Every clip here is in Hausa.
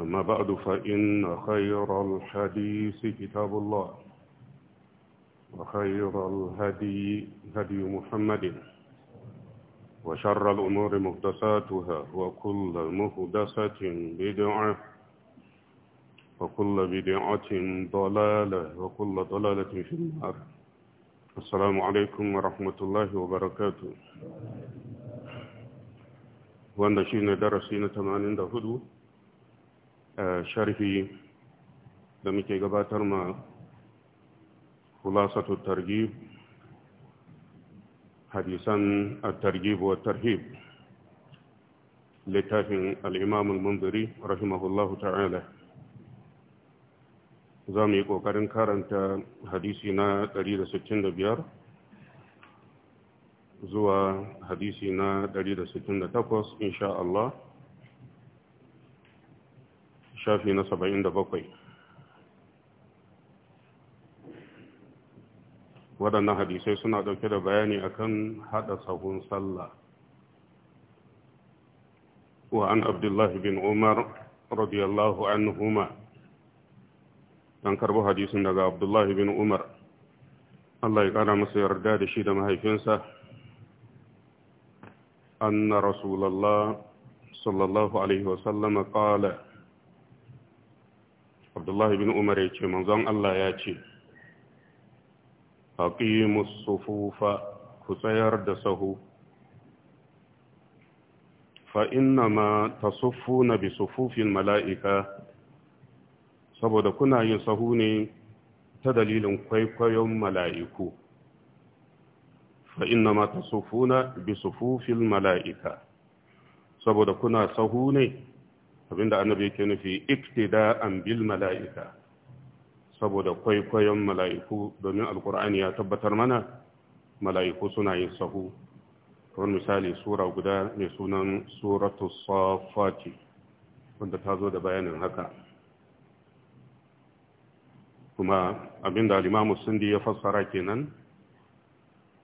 أما بعد فإن خير الحديث كتاب الله وخير الهدي هدي محمد وشر الأمور مهدساتها وكل مهدسة بدعة وكل بدعة ضلالة وكل ضلالة في النار السلام عليكم ورحمة الله وبركاته وأن شينا درسين 84 Sharhi da muke gabatar ma kulasatu targib hadisan targib wa tarhib littafin al’imam al-mundari rahimahullahu ta’ala za mu yi ƙoƙarin karanta hadisi na 165 zuwa hadisi na 168 insha Allah shafi na 77 waɗannan hadisai suna ɗauke da bayani akan haɗa sahun sallah وعن عبد الله بن عمر رضي الله عنهما تنكر daga Abdullahi bin Umar. Allah ya ƙara masa yarda da shi da mahaifinsa أن رسول الله صلى الله عليه وسلم قال abdullahi bin umar ya ce manzon Allah ya ce haƙimus sufufa ku tsayar da sahu fa'inna ma ta sufu na bi sufufin mala'ika saboda kuna yin sahu ne ta dalilin kwaikwayon mala'iku fa'inna ma ta sufu na bi sufufin mala'ika saboda kuna sahu ne abinda annabi yake nufi an bil mala'ika saboda kwaikwayon mala'iku domin alkur'ani ya tabbatar mana mala'iku suna yin sahu kamar misali sura guda mai sunan suratu safati wanda ta zo da bayanin haka kuma abinda alimamu sindi ya fassara kenan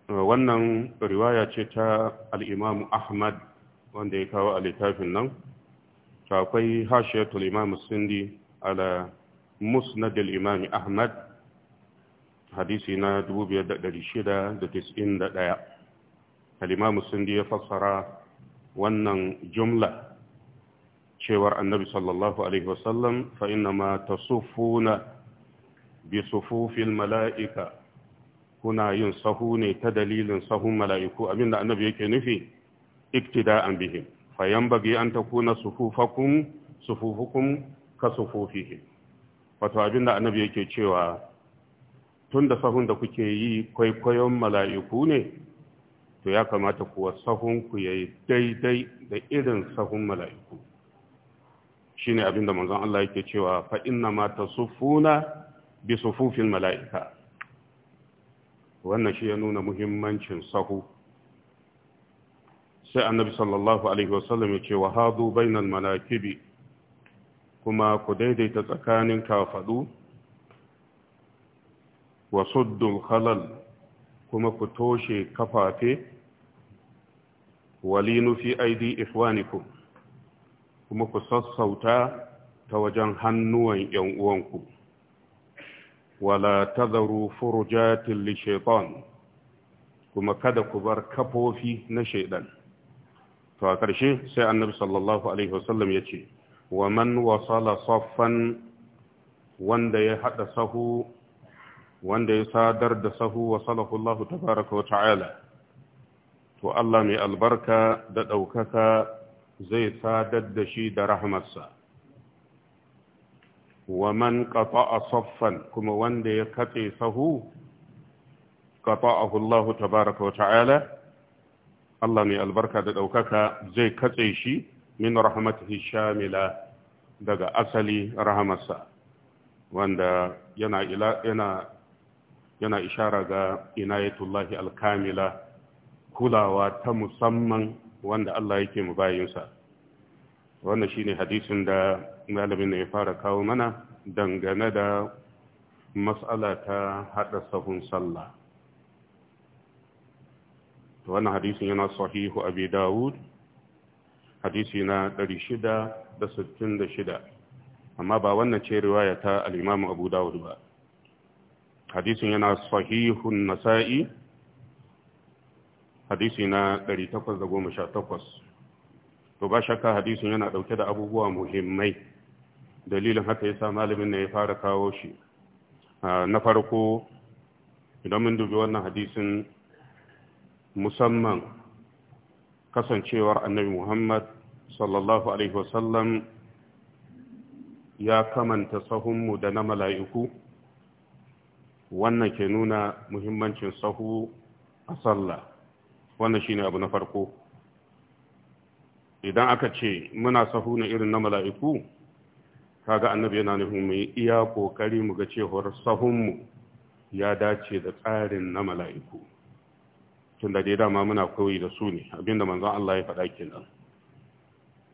wannan riwaya ce ta al'imamu ahmad wanda ya kawo a littafin nan to akwai hashiyatul imam sindi ala musnad al-imam ahmad hadisi na 2691 al-imam sindi ya fassara wannan jumla cewar annabi sallallahu alaihi wasallam fa inna ma tasuffuna bi sufufil mala'ika kuna yin sahu ne ta dalilin sahun mala'iku abinda annabi yake nufi iktida'an bihin. fayan bagi an ta kuna sufufakun sufufukun ka sufufihi wato abinda annabi yake cewa tun da sahun da kuke yi kwaikwayon mala'iku ne to ya kamata kuwa sahun ku yayi daidai da irin sahun mala'iku Shi shine abinda manzon Allah yake cewa fa’in na mata sufuna bi sufufin mala'ika wannan shi ya nuna muhimmancin sahu sai annabi sallallahu alaihi wasallam ya ce wa hadu bainal malakibi kuma ku daidaita tsakanin kafadu wa suddul khalal kuma ku toshe kafafe walinu fi aidi ihwanikum kuma ku sassauta ta wajen hannuwan yan uwanku wala tadharu furujatil li shaytan kuma kada ku bar kafofi na shaydan to a ƙarshe sai annabi sallallahu alaihi wasallam ya ce wa man wasala saffan wanda ya haɗa sahu wanda ya sadar da sahu wa wasalahu ta baraka wa ta'ala to Allah mai albarka da ɗaukaka zai sadar da shi da rahmarsa wa man a saffan kuma wanda ya katse sahu a Hullahu ta baraka wa ta'ala Allah mai albarka da ɗaukaka zai katse shi min rahmatihi shamila daga asali rahamarsa wanda yana ila yana yana ishara ga inayatullahi alkamila kulawa ta musamman wanda Allah yake mu bayinsa wannan shine hadisin da malamin ya fara kawo mana dangane da mas'ala ta haɗa sahun sallah wannan hadisin yana sahihu abi dawud hadisi na 666 amma ba wannan ce riwaya ta al-imam abu dawud ba hadisin yana sahihu nasa'i hadisi na 818 to ba shakka hadisin yana dauke da abubuwa muhimmai dalilin haka yasa malamin ne ya fara kawo shi ah, na farko idan mun dubi wannan hadisin musamman kasancewar annabi muhammad sallallahu alaihi wasallam ya kamanta sahunmu da na mala'iku wannan ke nuna muhimmancin sahu a sallah wannan shine abu na farko idan aka ce muna sahu na irin na mala'iku kaga annabi yana nufin mu iya kokari mu ga cewar sahunmu ya dace da tsarin na mala'iku da dai dama muna koyi da su ne abinda manzon Allah ya faɗa kenan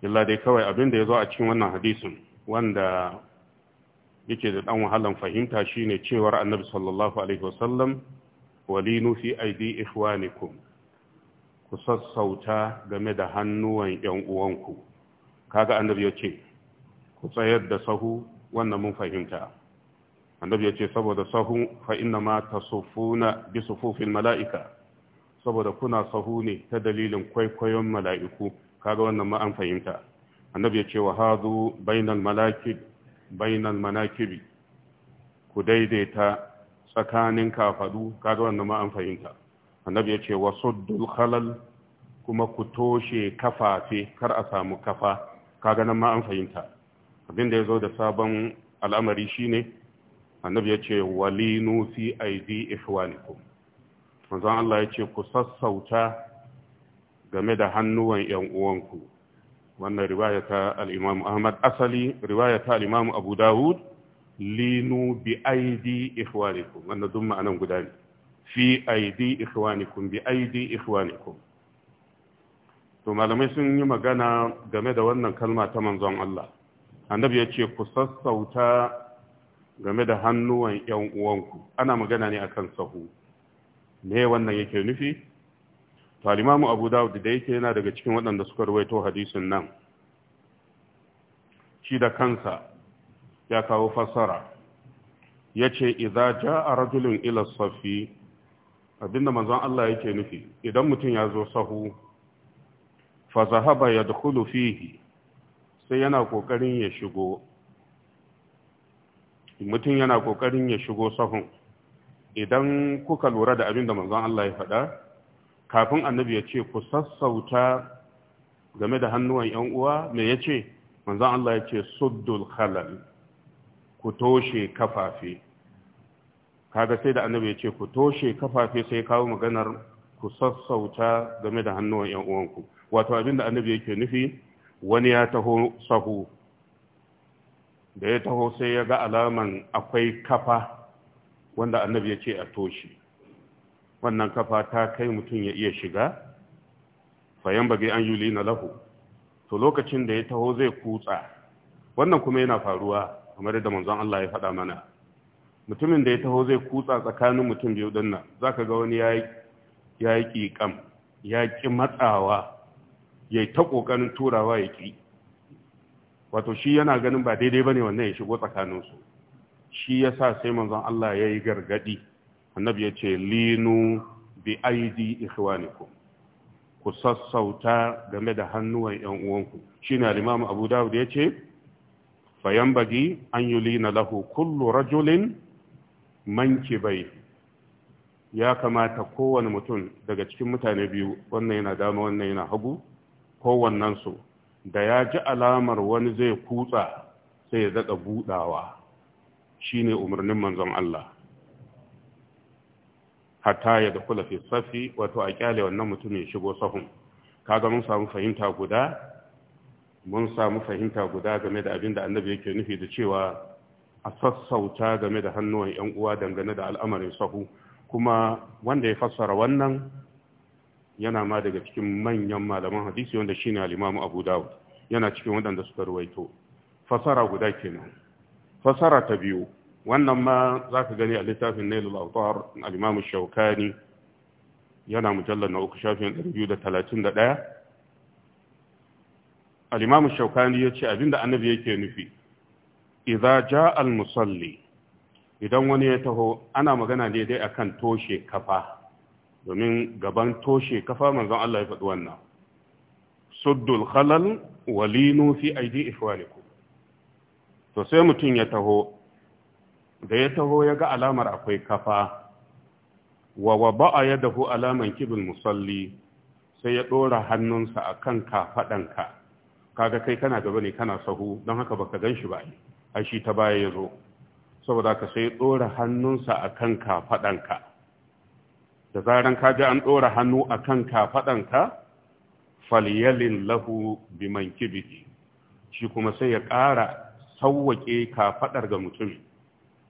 illa dai kawai abinda ya zo a cikin wannan hadisin wanda yake da ɗan wahalan fahimta shine cewar annabi sallallahu alaihi wasallam walinu fi aidi ikhwanikum ku sassauta game da hannuwan yan uwanku kaga annabi ya ce ku tsayar da sahu wannan mun fahimta annabi ya ce saboda sahu fa inna ma tasuffuna bi sufufil mala'ika saboda kuna sahu ne ta dalilin kwaikwayon mala'iku kaga wannan ma fahimta annabi ya ce wa hadu bainan malakib manakibi ku daidaita tsakanin kafadu kaga wannan ma an fahimta annabi ya ce wa sudul halal kuma ku toshe kafafe kar a samu kafa kaga nan ma fahimta abin da ya zo da sabon al'amari shine annabi ya ce walinu fi aidi ihwanikum manzon Allah ya ce ku sassauta game da hannuwan ‘yan uwanku wannan riwaya ta al'imamu Ahmad asali riwaya ta al'imamu Abu Dawud linu bi aidi ikhwanikum wannan duk ma'anan guda ne fi aidi ikhwanikum bi aidi ikhwanikum to malamai sun yi magana game da wannan kalma ta manzon Allah annabi ya ce ku sassauta game da hannuwan ‘yan uwanku ana magana ne akan sahu me wannan yake nufi to al-imamu abu dawud da yake yana daga cikin waɗanda suka ruwaito hadisin nan shi da kansa ya kawo fassara yace idza jaa rajulun ila safi abinda manzon Allah yake nufi idan mutum ya zo sahu fa zahaba yadkhulu fihi sai yana kokarin ya shigo mutum yana kokarin ya shigo sahun idan kuka lura da abin da manzon Allah ya faɗa kafin annabi ya ce ku sassauta game da hannuwan ‘yan uwa me ya ce manzon Allah ya ce suddul khalal ku toshe kafafe kaga sai da annabi ya ce ku toshe kafafe sai kawo maganar ku sassauta game da hannuwan ‘yan uwanku wato abin da annabi yake nufi wani ya taho sahu da ya taho sai ya ga alaman akwai kafa wanda annabi ya ce a toshi wannan kafa ta kai mutum ya iya shiga fayan bage an yuli na lahu to lokacin da ya taho zai kutsa wannan kuma yana faruwa kamar da manzon Allah ya faɗa mana mutumin da ya taho zai kutsa tsakanin mutum biyu din nan zaka ga wani ya yi kikam ya ki matsawa ya yi ta ƙoƙarin turawa ya ki wato shi yana ganin ba daidai ba ne wannan ya shigo tsakaninsu shi ya sa sai manzon Allah ya yi gargadi annabi yace linu bi aidi ikhwanikum ku sassauta game da hannuwan ‘yan uwanku shi ne alimamu abu dawud ya ce bayan bagi an yi lina lahu kullu rajulin manki bai ya kamata kowane mutum daga cikin mutane biyu wannan yana dama wannan yana hagu kowannensu da ya ji alamar wani zai kutsa sai ya daɗa buɗawa Shi ne umarnin manzon Allah hatta ya da kula fi safi wato a kyale wannan mutum ya shigo sahun kaga mun samu fahimta guda mun samu fahimta guda game da abin da annabi yake nufi da cewa a sassauta game da hannuwan yan uwa dangane da al'amarin sahu kuma wanda ya fassara wannan yana ma daga cikin manyan malaman hadisi wanda shi ne alimamu Abu Dawud yana cikin waɗanda suka ruwaito fasara guda kenan fasara ta biyu wannan ma za ka gani a littafin nailul autar al'imamu shaukani yana mujallar na uku shafin 231 al'imamu shaukani ya ce abinda annabi yake nufi idan ja al-musalli idan wani ya taho ana magana ne dai akan toshe kafa domin gaban toshe kafa manzon Allah ya faɗi wannan suddul khalal walinu fi aidi ihwalikum to sai mutum ya taho da ya taho ya ga alamar akwai kafa wa ya dahu alaman kibin musalli sai ya ɗora hannunsa a kan kafaɗanka kaga kai kana gaba ne kana sahu don haka baka gan shi ba a shi ta baya ya zo saboda ka sai ɗora hannunsa a kan kafaɗanka. da zaran ka ji an ɗora hannu a akan kafaɗanka falyalin lahu man kibiti shi kuma sai ya ƙara sauwake kafaɗar ga mutum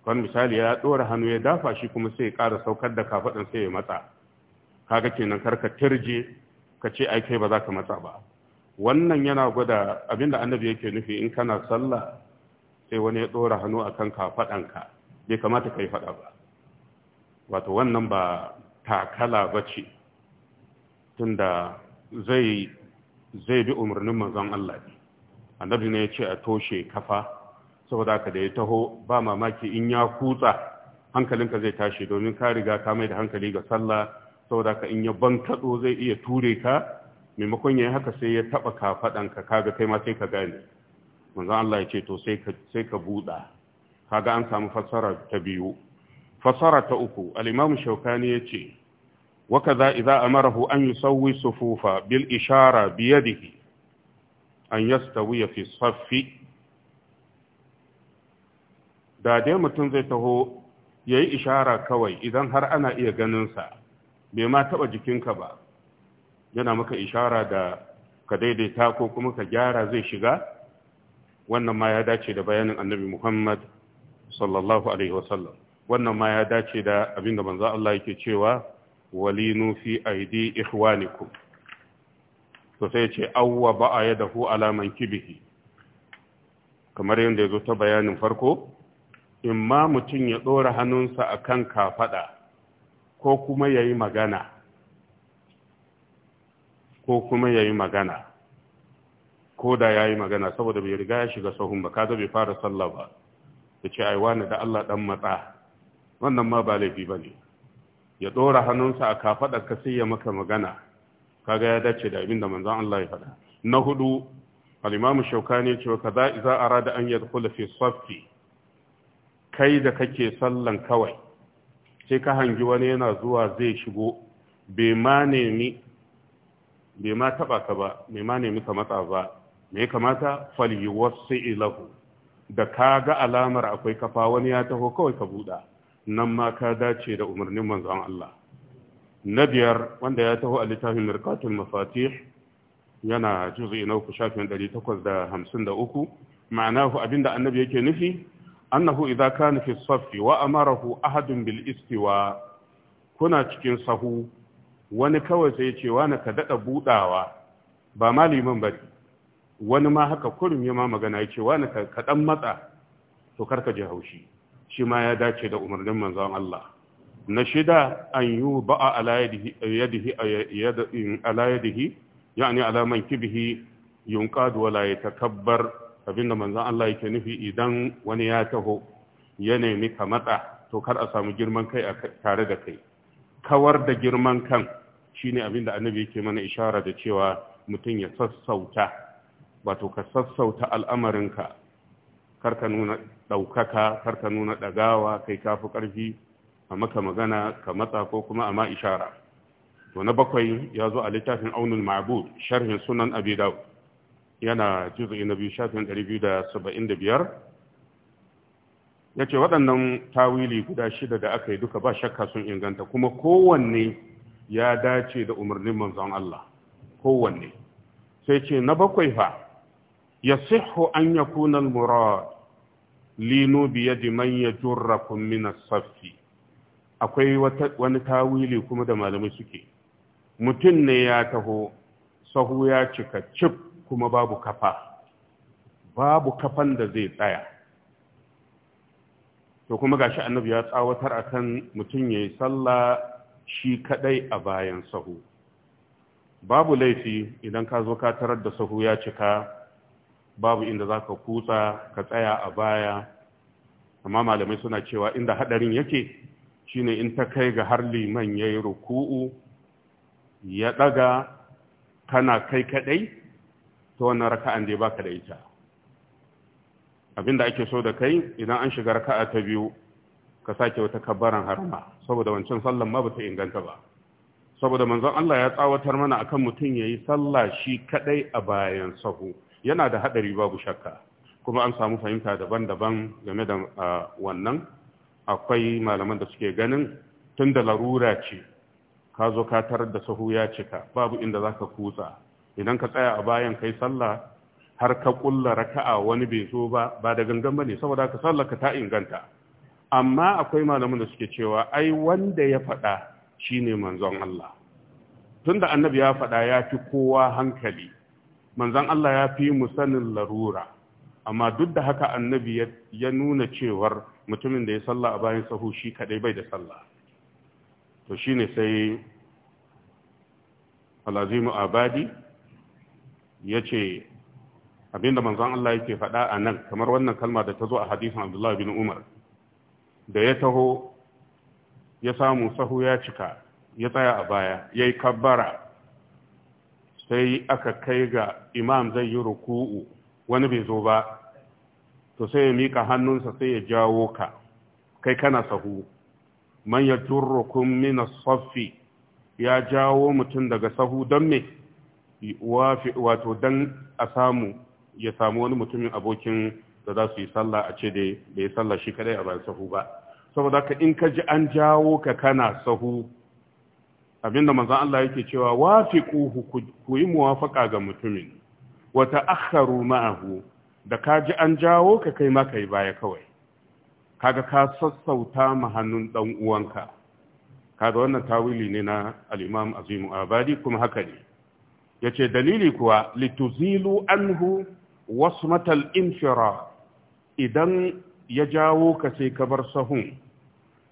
kan misali ya ɗora hannu ya dafa shi kuma sai ya ƙara saukar da kafaɗan sai ya matsa kaga kenan karka tirje ka ce ai kai ba za ka matsa ba wannan yana gwada abinda annabi yake nufi in kana sallah sai wani ya ɗora hannu akan ka, bai kamata ka yi faɗa ba wato wannan ba takala ba ce tunda zai bi umarnin manzon Allah ne annabi ne ya ce a toshe kafa saboda ka da ya taho ba mamaki in ya kutsa hankalinka zai tashi domin ka riga ka mai da hankali ga sallah saboda ka in ya bankaɗo zai iya ture ka maimakon ya yi haka sai ya taɓa ka kaga kai ma sai ka gane manzon Allah ya ce to sai ka buɗa kaga an samu fassara ta biyu fassara ta uku al-Imam Shawkani ya ce amarahu an أمره أن يسوي صفوفا ishara بيده an yastawiya fi safi. da dai mutum zai taho ya yi ishara kawai idan har ana iya ganinsa bai ma taɓa jikinka ba yana maka ishara da ka daidaita ko kuma ka gyara zai shiga wannan ma ya dace da bayanin annabi muhammad sallallahu alaihi wasallam wannan ma ya dace da abin da manzo Allah yake cewa walinu fi aidi ikhwanikum to sai ce awwa ba'a yadahu alaman kibihi kamar yadda ya zo ta bayanin farko in ma mutum ya ɗora hannunsa a kan kafaɗa ko kuma ya yi magana ko kuma ya yi magana ko da ya yi magana saboda bai riga ya shiga sahun ba kaga bai fara sallah ba ya ce aiwani da Allah ɗan matsa wannan ma ba laifi ba ne ya ɗora hannunsa a kafaɗar ka sai ya maka magana kaga ya dace da abin da manzon Allah ya faɗa na hudu al'imamu shauka shaukani cewa kaza idza rada an kula fi saffi kai da kake sallan kawai sai ka hangi wani yana zuwa zai shigo bai ma nemi taba ka ba bai ma nemi ka matsa ba me kamata falyi wasu ilahu da ka ga alamar akwai kafa wani ya taho kawai ka buɗa nan ma ka dace da umarnin manzon Allah na biyar wanda ya taho a littafin mirkatul mafatih yana juzu'i na uku shafin 853 ma'anahu abinda annabi yake nufi An annahu idza kana fi saffi wa amarahu ahadun bil istiwa kuna cikin sahu wani kawai sai ce wani ka dada budawa ba ma liman bane wani ma haka kurum ya ma magana ya ce wani matsa to karka ji haushi Shima ya dace da umarnin manzon Allah na shida an yi ba'a ala yadihi yani ala mankibihi yunkadu wala yatakabbar abinda manzon Allah yake nufi idan wani ya taho ya nemi ka matsa to kar a samu girman kai a tare da kai kawar da girman kan shine abinda annabi yake mana ishara da cewa mutum ya sassauta wato ka sassauta al'amarinka ka nuna ɗaukaka ka nuna ɗagawa kai kafi ƙarfi a maka magana ka matsa ko kuma a ma ishara to na bakwai ya zo a littafin aunul ma'bud sharhin sunan abi dawud yana juzu'i na biyu shafin 275 ya ce waɗannan tawili guda shida da aka yi duka ba shakka sun inganta kuma kowanne ya dace da umarnin manzon Allah kowanne sai ce na bakwai fa ya siho an ya kunan murad lino biya man ya jura kun safi akwai wani tawili kuma da malamai suke mutum ne ya taho sahu ya cika cif kuma babu kafa babu kafan da zai tsaya to kuma gashi annabi ya tsawatar akan mutum yayi sallah shi kaɗai a bayan sahu babu laifi idan ka zo ka tarar da sahu ya cika babu inda za ka kutsa ka tsaya a baya amma malamai suna cewa inda hadarin yake shine in ta kai ga har liman yayi ruku'u ya daga kana kai kaɗai? ta wannan raka'an ba baka da ita Abin abinda ake so da kai idan an shiga raka'a ta biyu ka sake wata kabbaran harma saboda wancan sallan ma ba ta inganta ba saboda manzon Allah ya tsawatar mana akan mutum ya yi sallah shi kaɗai a bayan sahu yana da haɗari babu shakka kuma an samu fahimta daban-daban game da wannan akwai malaman da suke ganin tunda larura ce ka zo ka tarar da sahu ya cika babu inda za ka kutsa idan ka tsaya a bayan kai sallah har ka kulla raka'a wani bai zo ba ba da gangan bane saboda ka sallah ka ta inganta amma akwai malamin da suke cewa ai wanda ya faɗa shine manzon Allah tunda annabi ya faɗa ya fi kowa hankali manzon Allah ya fi mu sanin larura amma duk da haka annabi ya nuna cewar mutumin da ya sallah a bayan sahu shi kadai bai da sallah. to shine sai alazimu abadi ya ce abinda manzon Allah yake faɗa a nan kamar wannan kalma da ta zo a hadisin Abdullahi bin Umar da ya taho ya samu sahu ya cika ya tsaya a baya ya yi kabbara sai aka kai ga imam zai yi ruku'u wani bai zo ba to sai ya miƙa hannunsa sai ya jawo ka kai kana sahu man ya turrukum min saffi ya jawo mutum daga sahu don me wato dan a samu ya samu wani mutumin abokin da za su yi sallah a ce da ya sallah shi kadai a bayan sahu ba saboda ka in ka ji an jawo ka kana sahu abinda manzon Allah yake cewa wafiquhu ku yi muwafaqa ga mutumin wata ta'akharu ma'ahu da ka ji an jawo ka kai maka yi baya kawai kaga ka sassauta ma hannun dan uwanka kaga wannan tawili ne na al-Imam Azim Abadi kuma haka ne yace dalili kuwa lituzilu anhu in infira idan ya jawo ka sai ka bar sahun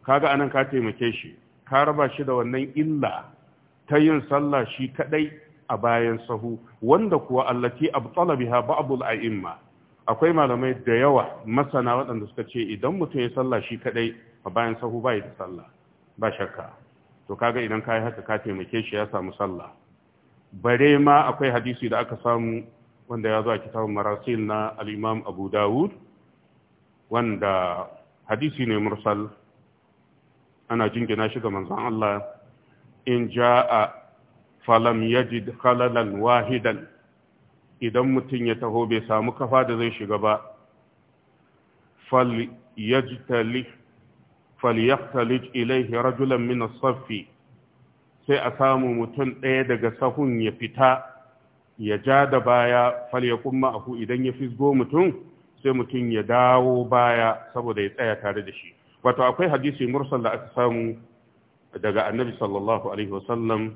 kaga anan ka taimake shi ka raba shi da wannan illa ta yin sallah shi kadai a bayan sahu wanda kuwa allati abtala biha ba'd aimma akwai malamai da yawa masana waɗanda suka ce idan mutum ya sallah shi kadai a bayan sahu bai da sallah ba shakka to kaga idan kai haka ka taimake shi ya samu sallah bare ma akwai hadisi da aka samu wanda ya zo a kitabun marasil na al'imam abu dawud wanda hadisi ne mursal ana jingina shi ga manzon Allah in a falam yajid khalalan wahidan idan mutum ya taho bai samu kafa da zai shiga ba fal yajtali fal yaqtalij ilayhi rajulan min as sai a samu mutum ɗaya daga sahun ya fita ya ja da baya fal ya kuma aku idan ya fisgo mutum sai mutum ya dawo baya saboda ya tsaya tare da shi wato akwai hadisi mursal da aka samu daga annabi sallallahu alaihi wasallam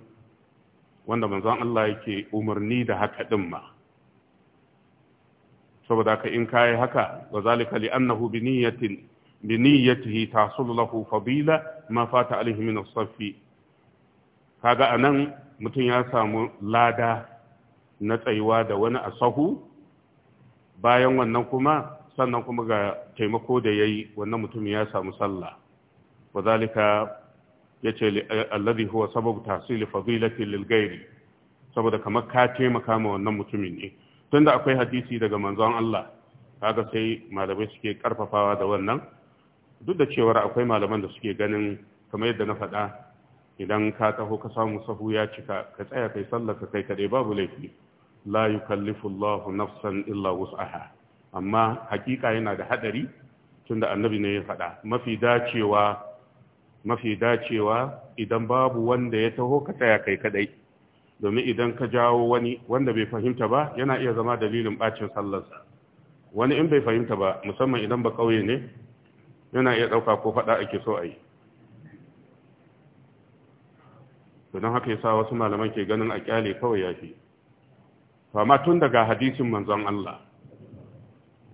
wanda manzon Allah yake umarni da haka din ma saboda ka in kai haka wa zalika li annahu bi niyyatin bi niyyatihi tahsul lahu fadila ma fata alaihi min as-safi kaga anan mutum ya samu lada na tsayuwa da wani a sahu bayan wannan kuma sannan kuma ga taimako da ya yi wannan mutum ya samu sallah wa zalika ya ce alladhi huwa sababu tasiri fadilati lil gairi saboda kamar ka taimaka ma wannan mutumin ne tunda akwai hadisi daga manzon Allah kaga sai malamai suke karfafawa da wannan duk da cewa akwai malaman da suke ganin kamar yadda na faɗa idan ka taho ka samu sahu ya cika ka tsaya kai sallar ka kai kade babu laifi la yukallifu Allahu nafsan illa wus'aha amma hakika yana da hadari tunda annabi ne ya faɗa mafi dacewa mafi dacewa idan babu wanda ya taho ka tsaya kai kadai domin idan ka jawo wani wanda bai fahimta ba yana iya zama dalilin bacin sallarsa wani in bai fahimta ba musamman idan ba kauye ne yana iya ɗauka ko faɗa ake so a yi don haka yasa wasu malaman ke ganin a kyale kawai yafi to amma tun daga hadisin manzon Allah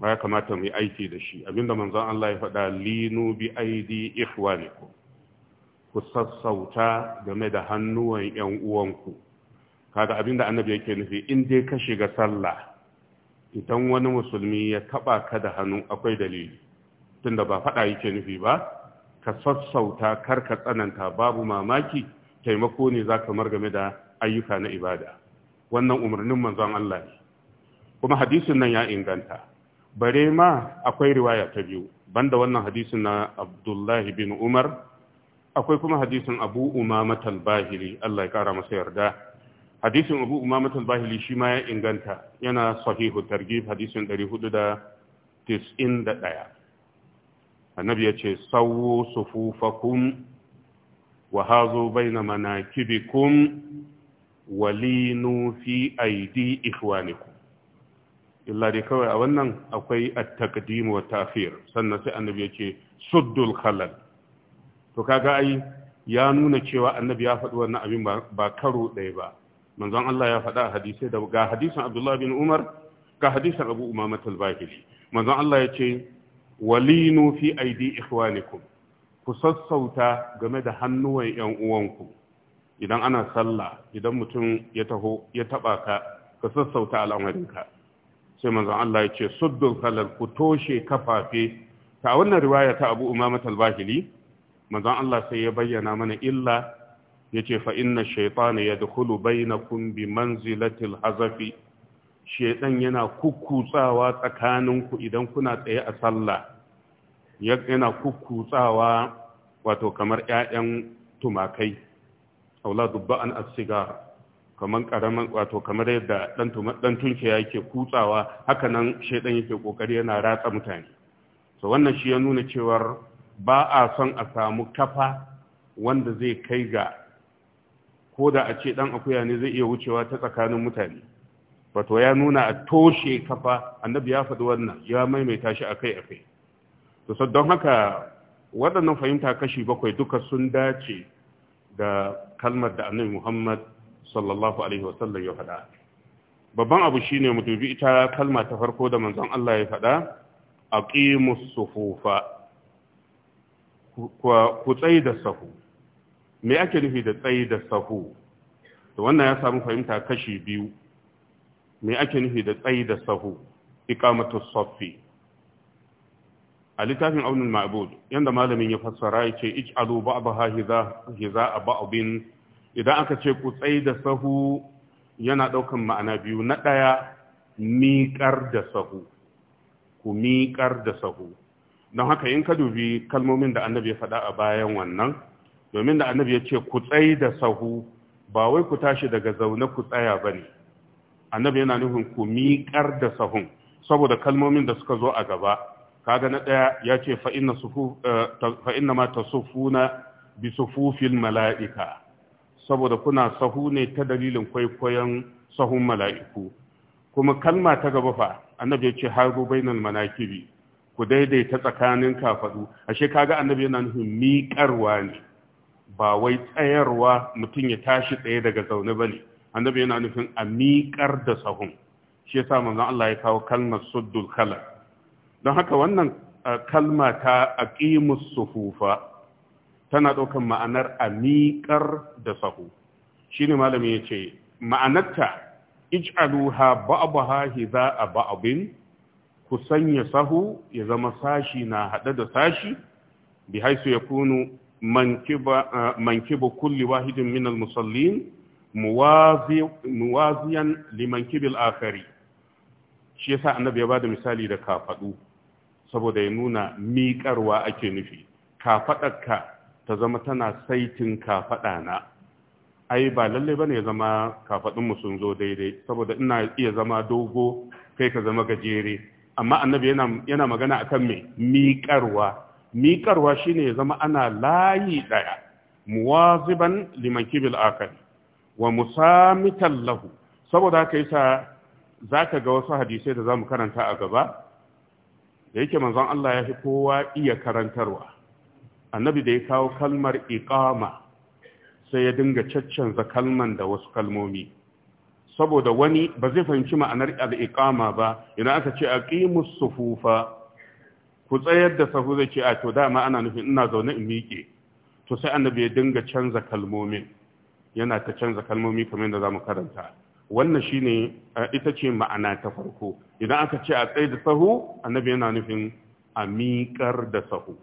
ba ya kamata mu yi aiki da shi abinda manzon Allah ya faɗa linu bi aidi ikhwanikum ku sassauta game da hannuwan ƴan uwanku kaga abinda annabi yake nufi in dai ka shiga sallah idan wani musulmi ya taba ka da hannu akwai dalili tunda ba faɗa yake nufi ba ka sassauta kar ka tsananta babu mamaki taimako ne za ka game da ayyuka na ibada wannan umarnin manzon Allah ne kuma hadisin nan ya inganta bare ma akwai riwaya ta biyu banda wannan hadisin na Abdullahi bin Umar akwai kuma hadisin Abu Umama al-Bahili Allah ya kara masa yarda hadisin Abu Umama al-Bahili shi ma ya inganta yana sahihu targhib hadisin 491 annabi ya ce sawu sufufakum wa hazo baina manakibikum walinu fi aidi ikhwanikum illa dai kawai a wannan akwai at-taqdim wa sannan sai annabi yace suddul khalal to kaga ai ya nuna cewa annabi ya faɗi wannan abin ba karo ɗaya ba manzon Allah ya faɗa a hadisai da ga hadisin Abdullah bin Umar ga hadisin Abu Umama al-Bahili manzon Allah yace walinu fi aidi ikhwanikum ku sassauta game da hannuwan ‘yan uwanku idan ana sallah idan mutum ya taho ya taɓa ka ka sassauta al'amarinka sai manzon Allah ya ce suddun halal ku toshe kafafe ta wannan riwaya ta abu umama talbahili manzon Allah sai ya bayyana mana illa ya ce fa inna shaitana ya dukulu bainakum bi manzilatil hazafi shaitan yana kukutsawa tsakaninku idan kuna tsaye a sallah yana kukutsawa. wato kamar ‘ya'yan tumakai, aula dubba an asigar, kamar ƙaramin wato kamar yadda ɗan ya yake kutsawa haka nan shaidan yake kokari yana ratsa mutane. So wannan shi ya nuna cewar ba a son a samu kafa wanda zai kai ga ko da a ce ɗan akuya ne zai iya wucewa ta tsakanin mutane. Wato ya nuna a toshe kafa annabi ya faɗi wannan ya maimaita shi akai-akai. To don haka waɗannan fahimta kashi bakwai duka sun dace da kalmar da annabi Muhammad sallallahu alaihi wasallam ya faɗa babban abu shine mu dubi ita kalma ta farko da manzon Allah ya faɗa aqimus sufufa ku tsayi da sahu me ake nufi da tsayi da sahu to wannan ya samu fahimta kashi biyu me ake nufi da tsaida da sahu iqamatus saffi a littafin aunin ma'bud yadda malamin ya fassara ya ce ij'alu ba hiza a abin idan aka ce ku da sahu yana daukan ma'ana biyu na ɗaya miƙar da sahu ku miƙar da sahu don haka in ka dubi kalmomin da annabi ya faɗa a bayan wannan domin da annabi ya ce ku da sahu ba wai ku tashi daga zaune ku tsaya ba ne annabi yana nufin ku miƙar da sahun saboda kalmomin da suka zo a gaba kaga na ɗaya ya ce fa'inna eh, ma ta sufuna bi sufufin mala'ika saboda kuna sahu ne ta dalilin kwaikwayon sahun mala'iku kuma kalma ta gaba fa annabi ya ce haru bainal manakibi ku daidaita tsakanin kafadu ashe kaga annabi yana nufin miƙarwa ne ba wai tsayarwa mutum ya tashi tsaye daga zaune ba ne annabi yana nufin a miƙar da sahun shi yasa manzon Allah ya kawo kalmar suddul khalaq don haka wannan kalma ta aqimus sufufa tana ɗaukan ma'anar a miƙar da sahu shine malami yace ma'anarta ij'aluha a hiza ba'din ku sanya sahu ya zama sashi na haɗe da sashi bi haisu ya kunu mankibu kulli wahidin minal musallin muwaziyan limankibil akari shi yasa annabi ya ba da misali da kafaɗu saboda ya nuna miƙarwa ake nufi kafaɗarka ta zama tana saitin kafaɗana ai ba lallai ne ya zama kafaɗinmu sun zo daidai saboda ina iya zama dogo kai ka zama gajere amma annabi yana magana akan mai miƙarwa miƙarwa shi ne ya zama ana layi ɗaya muwaziban liman kibil akari wa musamitan lahu saboda haka yasa ka ga wasu hadisai da za mu karanta a gaba da yake manzon Allah ya fi kowa iya karantarwa annabi da ya kawo kalmar iqama sai ya dinga caccanza kalman da wasu kalmomi saboda wani ba zai fahimci ma'anar al'iƙama ba ina aka ce aqimus sufufa ku tsayar da sahu zai ce a to dama ana nufin ina zaune in miƙe to sai annabi ya dinga canza kalmomin yana ta canza kalmomi kamar yadda mu karanta wannan shine ita ce ma'ana ta farko idan aka ce a tsaye da sahu annabi yana nufin a miƙar da sahu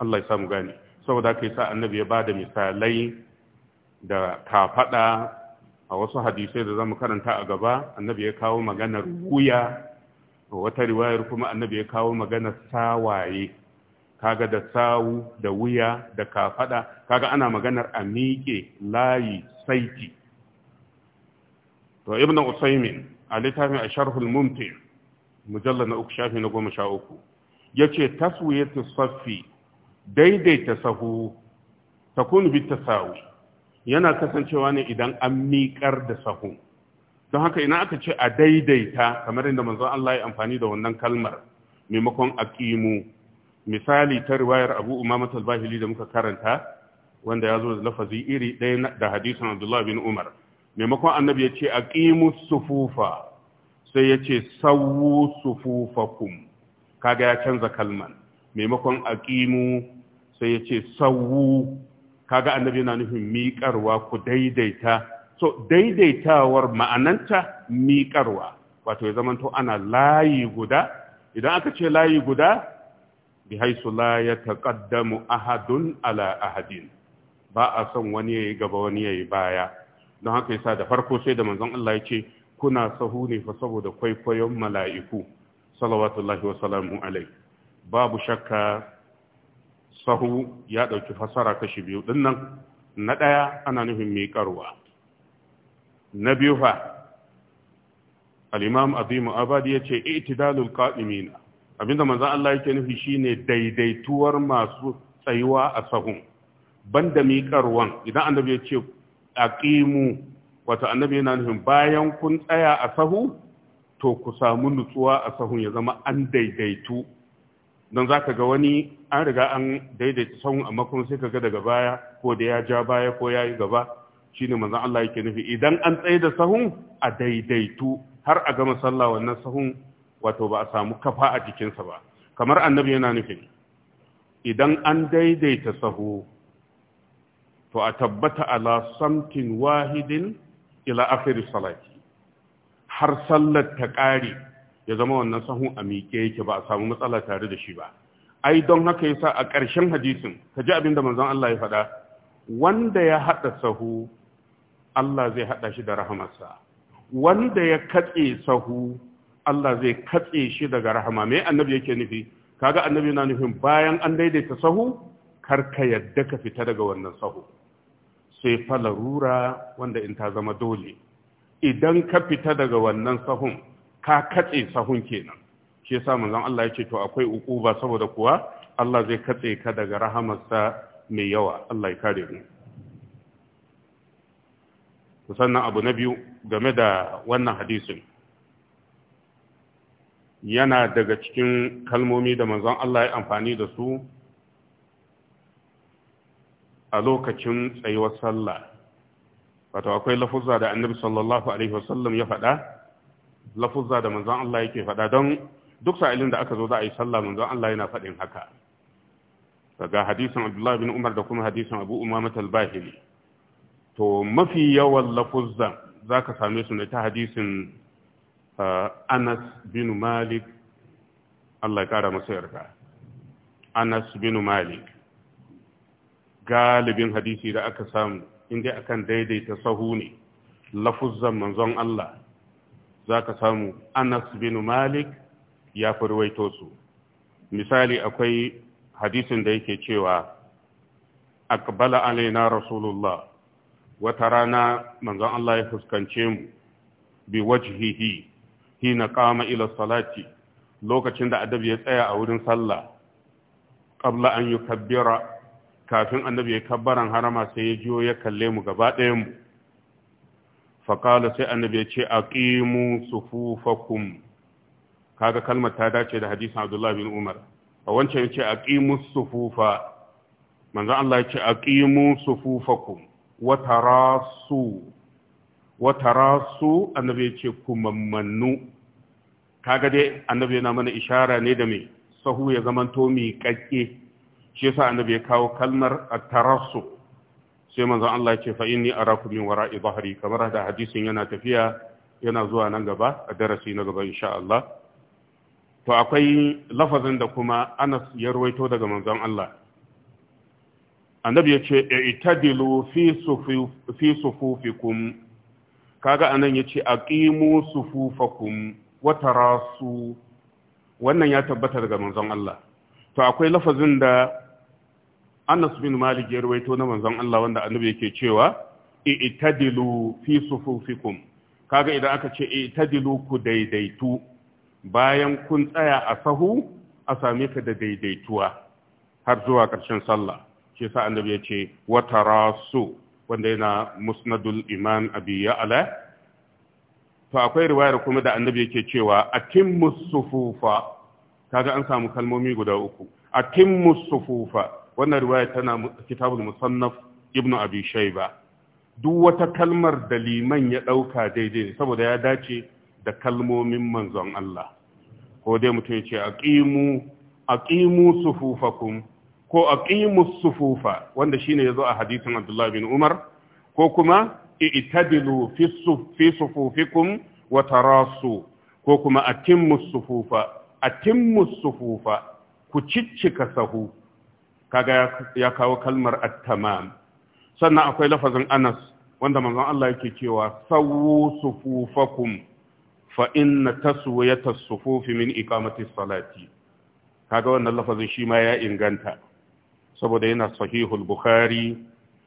Allah ya samu gani saboda haka sa annabi ya bada misalai da kafada a wasu hadisai da zamu karanta a gaba annabi ya kawo maganar wuya wata riwayar kuma annabi ya kawo maganar sawaye kaga da sawu da wuya da kafada kaga ana maganar a miƙe layi saiti to ibn usaymin a littafin sharhul mumti mujalla na uku shafi na goma sha uku ya ce taswiyatu saffi daidaita sahu takunu bi sahu" yana kasancewa ne idan an miƙar da sahu don haka ina aka ce a daidaita kamar inda manzon Allah ya amfani da wannan kalmar maimakon aqimu misali ta riwayar Abu Umama al-Bahili da muka karanta wanda ya zo da lafazi iri ɗaya da hadisin Abdullah bin Umar maimakon annabi ya ce aqimu sufufa sai ya ce sufufa kum kaga ya canza kalman maimakon aqimu sai ya ce sawu kaga annabi yana nufin miƙarwa ku daidaita so daidaitawar ma'ananta miƙarwa wato ya zamanto ana layi guda idan aka ce layi guda bi haisu la ya taƙaddamu ahadun ala ahadin ba a son wani ya yi gaba wani ya yi baya don haka yasa da farko sai da manzon Allah ya ce kuna sahu ne fa saboda kwaikwayon mala'iku salawatullahi wa salamu babu shakka sahu ya dauki fasara kashi biyu dinnan na daya ana nufin mai karwa na biyu fa al-imam azim abadi yace i'tidalul qa'imin abinda manzon Allah yake nufi shine daidaituwar masu tsayuwa a sahun banda miƙarwan idan annabi ya ce aqimu wato annabi yana nufin bayan kun tsaya a sahu to ku samu nutsuwa a sahun ya zama an daidaitu don za ka ga wani an riga an daidaita sahun amma kuma sai ka ga daga baya ko da ya ja baya ko ya yi gaba shine manzon Allah yake nufi idan an tsaye da sahun a daidaitu har a gama sallah wannan sahun wato ba a samu kafa a jikinsa ba kamar annabi yana nufin idan an daidaita sahu to a tabbata ala samtin wahidin ila akhir salati har sallar ta ƙare ya zama wannan sahu a miƙe yake ba a samu matsala tare da shi ba ai don haka yasa a ƙarshen hadisin ka ji abin da manzon Allah ya faɗa wanda ya haɗa sahu Allah zai haɗa shi da rahamarsa wanda ya katse sahu Allah zai katse shi daga rahama me annabi yake nufi kaga annabi yana nufin bayan an daidaita sahu kar ka yadda ka fita daga wannan sahu sai fa larura wanda in ta zama dole idan ka fita daga wannan sahun ka katse sahun kenan shi yasa manzon Allah ya ce to akwai ukuba saboda kuwa Allah zai katse ka daga rahamarsa mai yawa Allah ya kare mu sannan abu na biyu game da wannan hadisin yana daga cikin kalmomi da manzon Allah ya amfani da su a lokacin tsayuwar sallah wato akwai lafuzza da annabi sallallahu alaihi wasallam ya faɗa lafuzza da manzon Allah yake faɗa don duk sa'ilin da aka zo za a yi sallah manzon Allah yana faɗin haka daga hadisin Abdullah bin Umar da kuma hadisin Abu Umama al-Bahili to mafi yawan lafuzzan zaka same su ne ta hadisin uh, Anas bin Malik Allah ya kara masa yarda Anas bin Malik galibin hadisi da aka samu inda akan daidaita sahu ne lafuzzan manzon Allah za ka samu Anas bin Malik ya farwaito su misali akwai hadisin da yake cewa akbala alaina rasulullah wata rana manzon Allah ya fuskance mu bi wajhihi hina qama ila salati lokacin da adabi ya tsaya a wurin sallah qabla an yukabbira kafin annabi ya kabbaran harama sai ya jiyo ya kalle mu gaba ɗayan mu faƙala sai annabi ya ce aqimu sufufakum kaga kalmar ta dace da hadisin Abdullahi bin Umar a wancan ya ce aqimu sufufa manzo Allah ya ce aqimu sufufakum wa tarasu wa tarasu annabi ya ce kumammannu kaga dai annabi yana mana ishara ne da me sahu ya zamanto mi shi yasa annabi ya kawo kalmar at tarassu sai manzon Allah ya ce fa inni araku min wara'i dhahri kamar da hadisin yana tafiya yana zuwa nan gaba a darasi na gaba insha Allah to akwai lafazin da kuma Anas ya ruwaito daga manzon Allah annabi ya ce i'tadilu fi sufu fi sufufikum kaga anan yace aqimu sufufakum wa tarasu wannan ya tabbata daga manzon Allah to akwai lafazin da Anas bin Malik ya rawaito na manzon Allah wanda annabi yake cewa i'tadilu fi sufufikum kaga idan aka ce i'tadilu ku daidaitu bayan kun tsaya a sahu a same ka da daidaituwa har zuwa ƙarshen sallah shi yasa annabi ya ce wa tarasu wanda yana musnadul Iman abi ya'la to akwai riwayar kuma da annabi yake cewa atimmus sufufa kaga an samu kalmomi guda uku atimmus sufufa wannan riwaya tana kitabul musannaf ibnu abi shayba duk wata kalmar da liman ya dauka daidai saboda ya dace da kalmomin manzon Allah ko dai mutum ya ce aqimu aqimu sufufakum ko aqimu sufufa wanda shine yazo a hadisin Abdullah bin Umar ko kuma i'tadilu fi sufufikum wa tarasu ko kuma atimmu sufufa atimmu sufufa ku ciccika sahu kaga ya kawo kalmar at-tamam sannan akwai lafazin Anas wanda manzon Allah yake cewa sawu sufufakum fa inna taswiyata as sufuf min iqamati as-salati kaga wannan lafazin shi ma ya inganta saboda yana al bukhari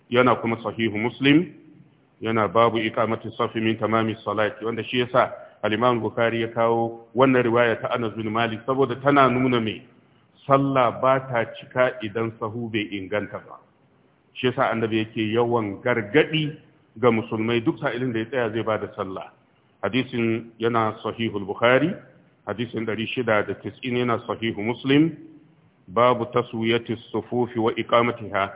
yana kuma sahihu muslim yana babu iqamati safi min tamami salati wanda shi yasa al-imam bukhari ya kawo wannan riwaya ta Anas bin Malik saboda tana nuna me sallah ba ta cika idan sahu bai inganta ba shi yasa annabi yake yawan gargadi ga musulmai duk sa'ilin da ya tsaya zai ba da sallah hadisin yana sahihul bukhari hadisin 690 yana sahihu muslim babu taswiyati sufufi wa iqamatiha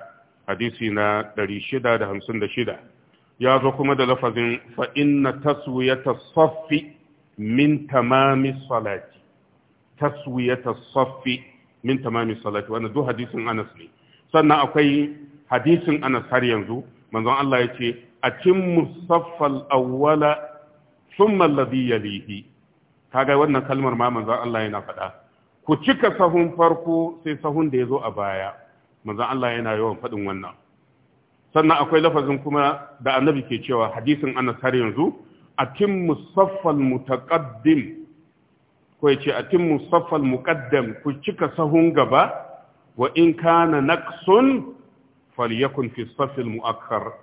hadisi na 656 ya zo kuma da lafazin fa inna taswiyata saffi min tamami salati taswiyata saffi min tamami salati wannan duk hadisin Anas ne sannan akwai hadisin Anas har yanzu manzon Allah ya ce atimmu awwala thumma alladhi yalihi kaga wannan kalmar ma manzon Allah yana faɗa ku cika sahun farko sai sahun da ya zo a baya manzon Allah yana yawan faɗin wannan sannan akwai lafazin kuma da annabi ke cewa hadisin Anas har yanzu atimmu musaffal mutaqaddim ko ya ce a tin musaffal muƙaddam ku cika sahun gaba wa in kana naqsun falyakun fi safil mu'akkar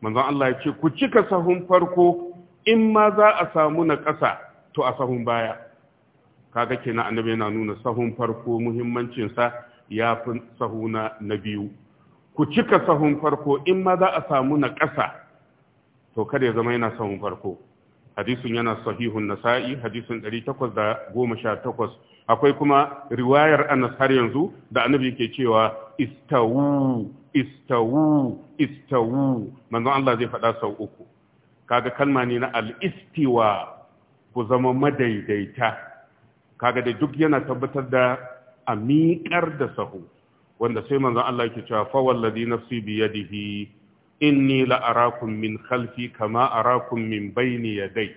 manzon Allah ya ce ku cika sahun farko in ma za a samu na ƙasa to a sahun baya kaga kenan annabi yana nuna sahun farko muhimmancin sa yafi sahuna na biyu ku cika sahun farko in ma za a samu na ƙasa to kada ya zama yana sahun farko hadisin yana sahihun nasa'i hadisin 818 akwai kuma riwayar anas har yanzu da annabi yake cewa istawu istawu istawu manzon Allah zai faɗa sau uku kaga kalma ne na al-istiwa ku zama madaidaita kaga da duk yana tabbatar da a da sahu wanda sai manzon Allah yake cewa fa wallazi nafsi bi yadihi inni la'arakun min khalfi kama arakun min bayni yadai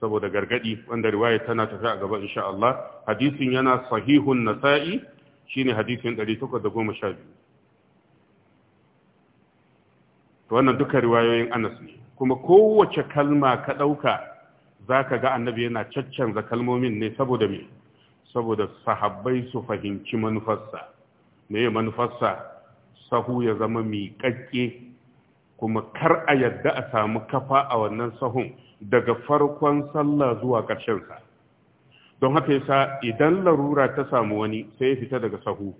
saboda gargadi wanda riwaya tana tafi a gaba insha Allah hadisin yana sahihun nasa'i shine hadisin 812 to wannan duka riwayoyin Anas ne kuma kowace kalma ka dauka zaka ga annabi yana caccanza kalmomin ne saboda me saboda sahabbai su fahimci manufarsa me manufarsa sahu ya zama miƙaƙƙe kuma kar a yadda a samu kafa a wannan sahun daga farkon sallah zuwa ƙarshensa don haka yasa idan larura ta samu wani sai ya fita daga sahu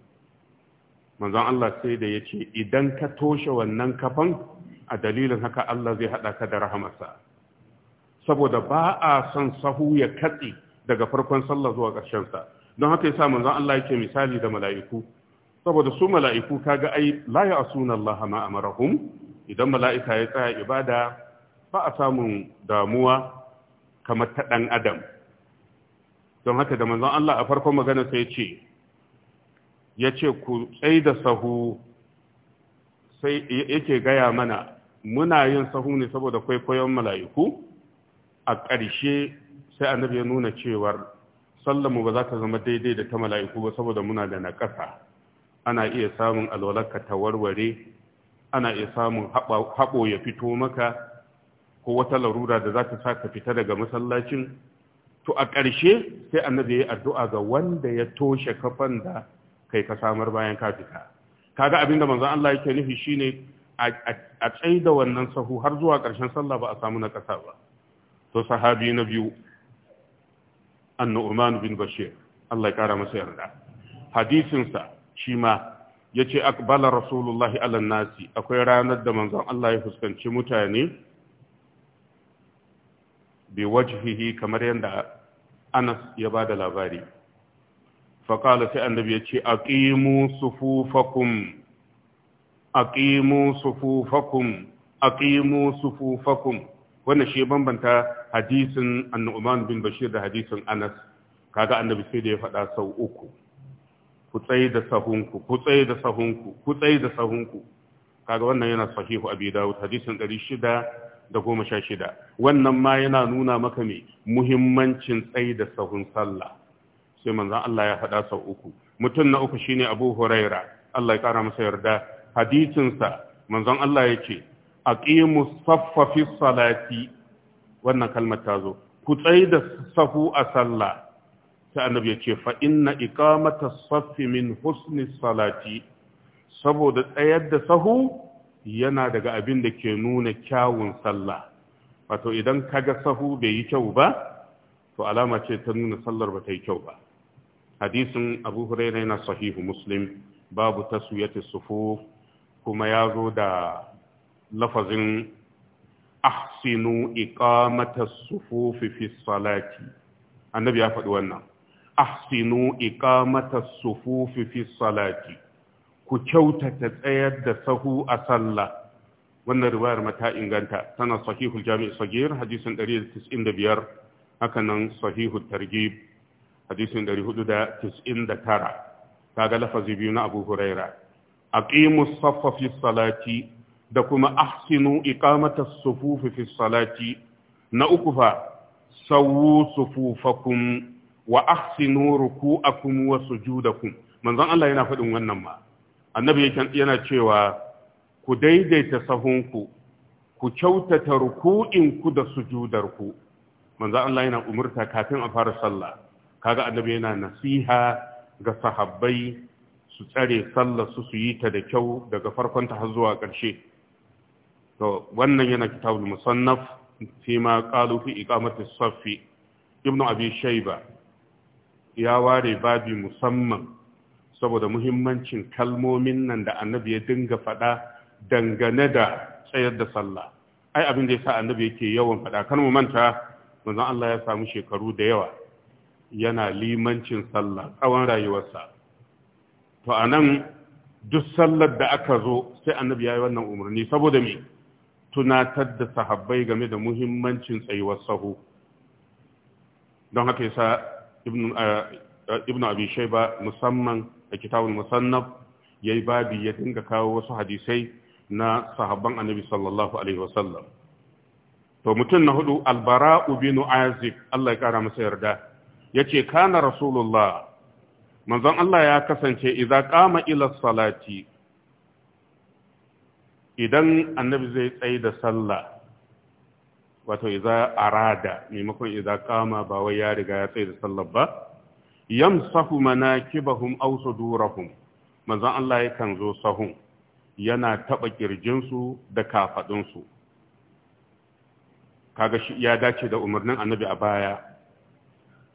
manzon Allah sai da ya ce idan ka toshe wannan kafan a dalilin haka Allah zai haɗa ka da rahamarsa saboda ba a son sahu ya katse daga farkon sallah zuwa ƙarshensa don haka yasa manzon Allah yake misali da mala'iku saboda su mala'iku kaga ai la ya'suna Allah ma amarahum idan mala'ika ya tsaya ibada ba a samun damuwa kamar ta ɗan adam don haka da manzon Allah a farkon magana sai ce ya ce ku tsai da sahu sai yake gaya mana muna yin sahu ne saboda kwaikwayon mala'iku a ƙarshe sai annabi ya nuna cewar sallamu ba za ta zama daidai da ta mala'iku ba saboda muna da naƙasa ana iya samun alwalarka ta warware ana iya samun haɓo ya fito maka ko wata larura da za ta sa ka fita daga masallacin to a ƙarshe sai annabi ya addu'a ga wanda ya toshe kafan da kai ka samar bayan ka fita kaga abin da manzon Allah yake nufi shine a da wannan sahu har zuwa ƙarshen sallah ba a samu na ƙasa ba to sahabi na biyu annu'man bin bashir Allah ya kara masa yarda hadisin sa shi ma ya ce akbala rasulullahi nasi akwai ranar da manzon Allah ya fuskanci mutane bi wajhihi kamar yadda anas ya ba da labari faƙala sai annabi ya ce aqimu sufufakum aqimu sufufakum aqimu sufufakum wannan shi bambanta hadisin annu'man bin bashir da hadisin anas kaga annabi sai da ya faɗa sau uku ku tsaye da sahunku ku tsaye da sahunku ku tsaye da sahunku kaga wannan yana sahihu abi dawud hadisin 616 wannan ma yana nuna maka me muhimmancin tsaye da sahun sallah sai manzon Allah ya faɗa sau uku mutum na uku shine Abu Huraira Allah ya kara masa yarda hadisin sa manzon Allah yake aqimu saffa fi salati wannan kalmar ta zo ku tsaye da sahu a sallah sai annabi ya ce fa inna saffi min husni salati saboda tsayar da sahu yana daga abin da ke nuna kyawun sallah wato idan ka ga sahu bai yi kyau ba to alama ce ta nuna sallar ba ta yi kyau ba hadisin abu huraira yana sahihu muslim babu taswiyati sufuf kuma ya zo da lafazin ahsinu iqamata sufufi fi salati annabi ya faɗi wannan ahsinu iqamata sufufi fi salati ku kyautata tsayar da sahu a sallah wannan riwayar mata inganta tana sahihul jami'i sagir hadisin 195 hakanan sahihul targhib hadisin 499 kaga lafazi biyu na Abu Huraira aqimus saffa fi salati da kuma ahsinu iqamata as-sufufi fi salati na uku fa sawu sufufakum wa ahsinu ruku'akum wa sujudakum manzon Allah yana faɗin wannan ma annabi yana cewa ku daidaita sahunku ku kyautata ku da sujudarku manzon Allah yana umurta kafin a fara sallah kaga annabi yana nasiha ga sahabbai su tsare sallah su su yi ta da kyau daga farkon ta har zuwa ƙarshe to wannan yana kitabul musannaf fi ma qalu fi iqamati safi ibnu abi shayba ya ware babi musamman saboda muhimmancin kalmomin nan da annabi ya dinga faɗa dangane da tsayar da sallah ai abin da ya sa annabi yake yawan faɗa kan mu manta manzon Allah ya samu shekaru da yawa yana limancin sallah tsawon rayuwarsa to anan duk sallar da aka zo sai annabi ya yi wannan umarni saboda me tunatar da sahabbai game da muhimmancin tsayuwar sahu don haka yasa Eh, eh, ibn abi shaiba musamman a kitabul musannaf yayi babi ya dinga kawo wasu hadisai na sahabban annabi sallallahu alaihi wasallam to mutum na hudu albara'u bin azib Allah ya kara masa yarda yace kana rasulullah manzon Allah ya kasance idza qama ila salati idan annabi zai tsaye da sallah wato idza arada maimakon iza kama ba wai ya riga ya tsaye da sallar ba yamsahu manakibahum aw sudurahum manzon Allah yakan zo sahun yana taba ƙirjinsu da su kaga shi ya dace da umarnin annabi a baya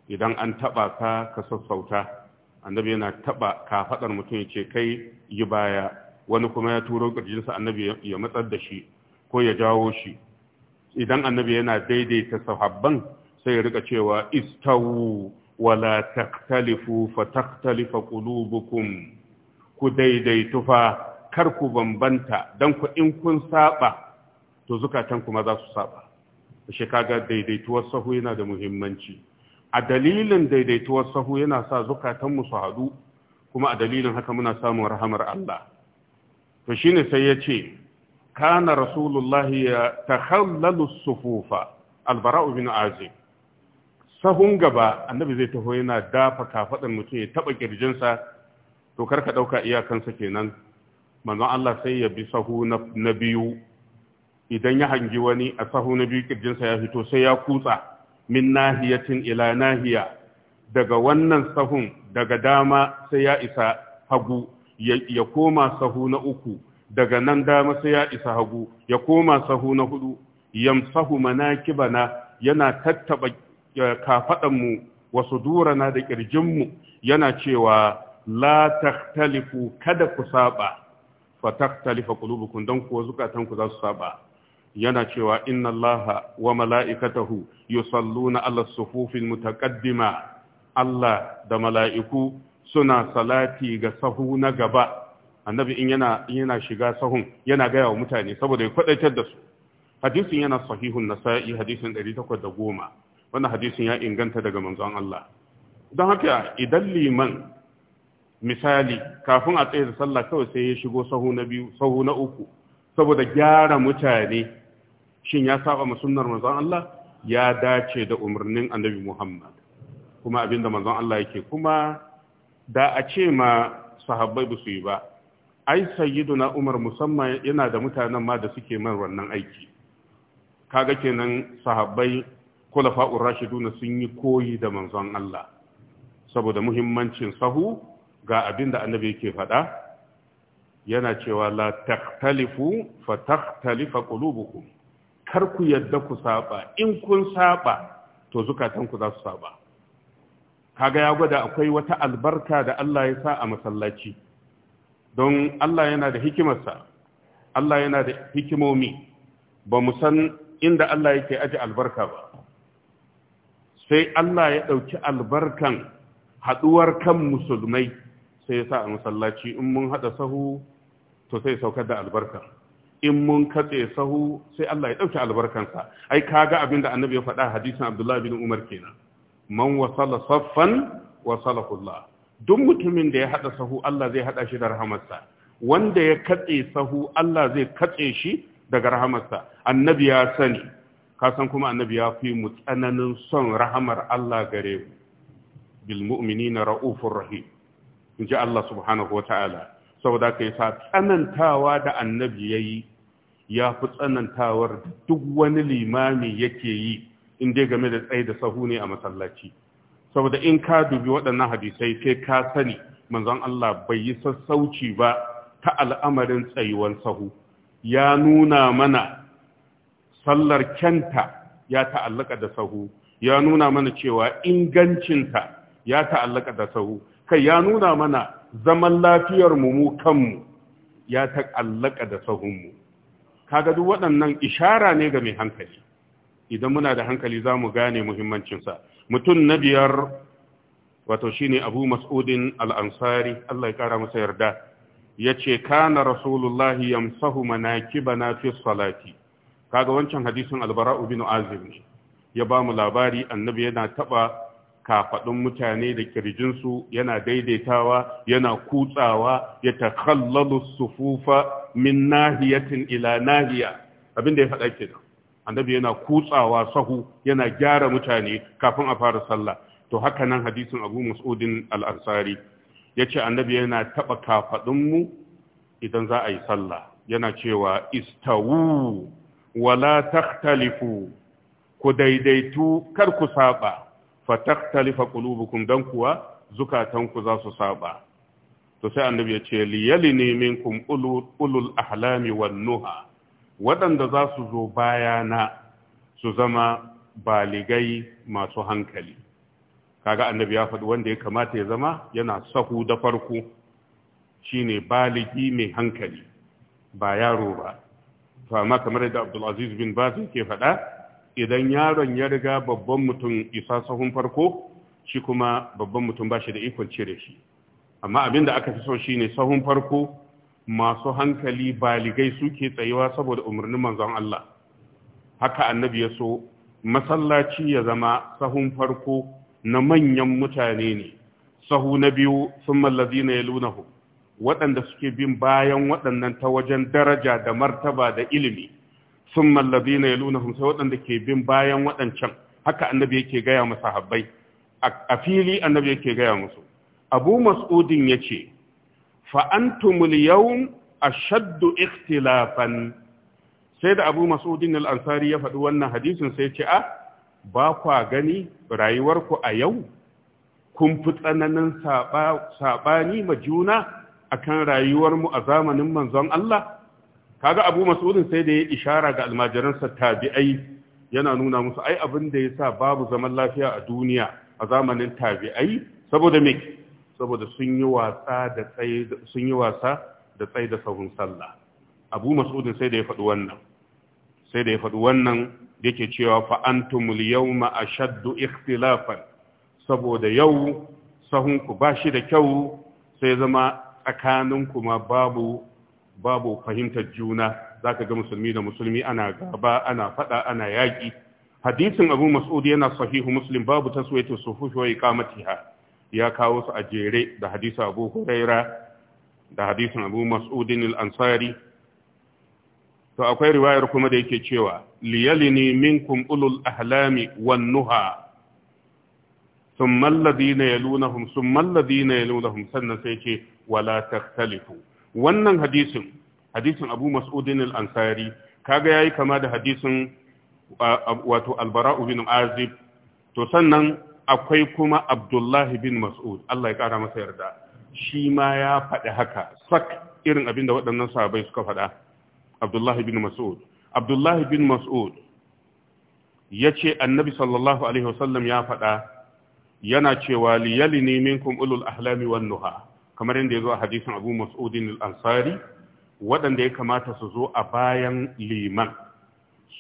idan an taba ka ka sassauta annabi yana taba kafadar mutum ya ce kai yi baya wani kuma ya turo kirjinsa annabi ya matsar da shi ko ya jawo shi idan annabi yana daidaita sahabban sai ya rika cewa istawu wala taktalifu fa taktalifa qulubukum ku daidaitu fa kar ku bambanta dan ku in kun saba to zukatan kuma za su saba shi kaga daidaituwar sahu yana da muhimmanci a dalilin daidaituwar sahu yana sa zukatan mu su haɗu kuma a dalilin haka muna samun rahamar Allah to shine sai ya ce kana rasulullahi ya takhallalu sufufa albara'u bin عازم sahun gaba annabi zai taho yana dafa mutum ya taɓa ƙirjinsa to karka ɗauka iyakansa kenan manzon Allah sai ya bi sahu na biyu idan ya hangi wani a sahu na biyu ƙirjinsa ya fito sai ya kutsa min nahiyatin ila nahiya daga wannan sahun daga dama sai ya isa hagu ya koma sahu na uku daga nan dama sai ya isa hagu ya koma sahu na hudu yamsahu manakibana yana tattaba kafadanmu wasu durana da mu yana cewa la takhtalifu kada ku saba fa takhtalifa qulubukum dan kuwa zukatanku za su saba yana cewa inna allaha wa mala'ikatahu yusalluna ala sufufil mutaqaddima Allah da mala'iku suna salati ga sahu na gaba annabi in yana yana shiga sahun yana gaya wa mutane saboda ya kwadaitar da su hadisin yana sahihun nasa'i hadisin 810 wannan hadisin ya inganta daga manzon Allah don haka idan liman misali kafin a tsaye da sallah kawai sai ya shigo sahu na biyu sahu na uku saboda gyara mutane shin ya saba ma sunnar manzon Allah ya dace da umarnin annabi Muhammad kuma abinda manzon Allah yake kuma da a ce ma sahabbai ba su yi ba ai sayyiduna umar musamman yana da mutanen ma da suke man wannan aiki kaga kenan sahabbai kulafa'ur rashiduna sun yi koyi da manzon Allah saboda muhimmancin sahu ga abin da annabi yake faɗa yana cewa la taqtalifu fa taqtalifa qulubukum kar ku yadda ku saba in kun saba to zukatanku za su saba kaga ya gwada akwai wata albarka da Allah ya sa a masallaci don Allah yana da hikimarsa Allah yana da hikimomi ba mu san inda Allah yake aji albarka ba sai Allah ya ɗauki albarkan haɗuwar kan musulmai sai ya sa a masallaci in mun haɗa sahu to sai saukar da albarka in mun katse sahu sai Allah ya ɗauki albarkansa ai kaga abin da annabi ya faɗa hadisin Abdullah bin Umar kenan man wasala saffan wasala kullah duk mutumin da ya haɗa sahu Allah zai haɗa shi da rahamarsa wanda ya katse sahu Allah zai katse shi daga rahamarsa annabi ya sani ka san kuma annabi ya fi mu tsananin son rahamar Allah gare mu bil mu'minina raufur rahim inji Allah subhanahu wataala saboda kai sa tsanantawa da annabi yayi ya fi tsanantawar duk wani limami yake yi in dai game da tsaye da sahu ne a masallaci saboda in ka dubi waɗannan hadisai sai ka sani manzon Allah bai yi sassauci ba ta al'amarin tsayuwar sahu ya nuna mana sallar kyanta ya ta'allaka da sahu ya nuna mana cewa ingancinta ya ta'allaka da sahu kai ya nuna mana zaman lafiyar mu mu kanmu ya ta'allaka da sahunmu kaga duk waɗannan ishara ne ga mai hankali idan muna da hankali za mu gane muhimmancinsa mutum na biyar wato shine abu mas'udin al'ansari Allah ya ƙara masa yarda ya ce kana rasulullahi yamsahu manakibana fi salati kaga wancan hadisin albara'u bin azib ne ya ba mu labari annabi yana taɓa kafaɗun mutane da kirjinsu yana daidaitawa yana kutsawa ya takallalu sufufa min nahiyatin ila nahiya abin da ya faɗa kenan annabi yana kutsawa sahu yana gyara mutane kafin a fara sallah to haka nan hadisin abu mas'udin al-ansari yace annabi yana taɓa kafadun mu idan za a yi sallah yana cewa istawu wala takhtalifu ku daidaitu kar ku saba fa takhtalifa qulubukum dan kuwa zukatanku za su saba to sai annabi ya ce liyalini minkum ulul ahlami wan nuha waɗanda za su zo baya na su zama baligai masu hankali kaga annabi ya faɗi wanda ya kamata ya zama yana sahu da farko shine baligi mai hankali ba yaro ba to amma kamar yadda Abdulaziz bin Baz yake faɗa idan yaron ya riga babban mutum isa sahun farko shi kuma babban mutum ba shi da ikon cire shi amma abin da aka fi so shine sahun farko masu hankali baligai suke tsayuwa saboda umarnin manzon Allah haka annabi ya so masallaci ya zama sahun farko na manyan mutane ne sahu na biyu sun mallazi na yalunahu waɗanda suke bin bayan waɗannan ta wajen daraja da martaba da ilimi sun mallazi na yalunahu sai waɗanda ke bin bayan waɗancan haka annabi yake gaya masahabbai a fili annabi yake gaya musu abu mas'udin ya ce fa a yawm ashaddu ikhtilafan sai da Abu Mas'udin al-Ansari ya faɗi wannan hadisin sai ce a ah, ba kwa gani rayuwarku a yau kun fi tsananin saɓani ma juna akan rayuwarmu a zamanin manzon Allah kaga Abu Mas'udin sai da ya ishara ga almajiransa tabi'ai yana nuna musu ai abin da ya sa babu zaman lafiya a duniya a zamanin tabi'ai saboda me saboda sun yi wasa da tsaye da sahun sallah abu mas'udin sai da ya faɗi wannan sai da ya faɗi wannan yake cewa fa antumul yawma ashaddu ikhtilafan saboda yau sahunku ba shi da kyau sai zama tsakaninku ma babu babu fahimtar juna zaka ga musulmi da musulmi ana gaba ana faɗa, ana yaki. hadisin abu mas'ud yana sahihu muslim babu taswiyatu sufufi wa iqamatiha ya kawo su a jere da hadisu abu huraira da hadisun abu mas'udin al'ansari to akwai riwayar kuma da yake cewa liyalini minkum ulul ahlami wan nuha sun alladhina yalunahum ya luna yalunahum sannan sai ce wala taktalifu wannan hadisin hadisin abu mas'udin al'ansari ansari kaga yi kama da hadisin wato al bin azib to sannan akwai kuma Abdullahi bin Mas'ud Allah ya kara masa yarda shi ma ya faɗi haka sak irin abin da waɗannan sahabbai suka faɗa Abdullahi bin Mas'ud Abdullahi bin Mas'ud ya ce annabi sallallahu alaihi wasallam ya faɗa yana cewa liyali ne minkum ulul ahlami wan nuha kamar yadda ya zo a hadisin abu mas'udin al-ansari waɗanda ya kamata su zo a bayan liman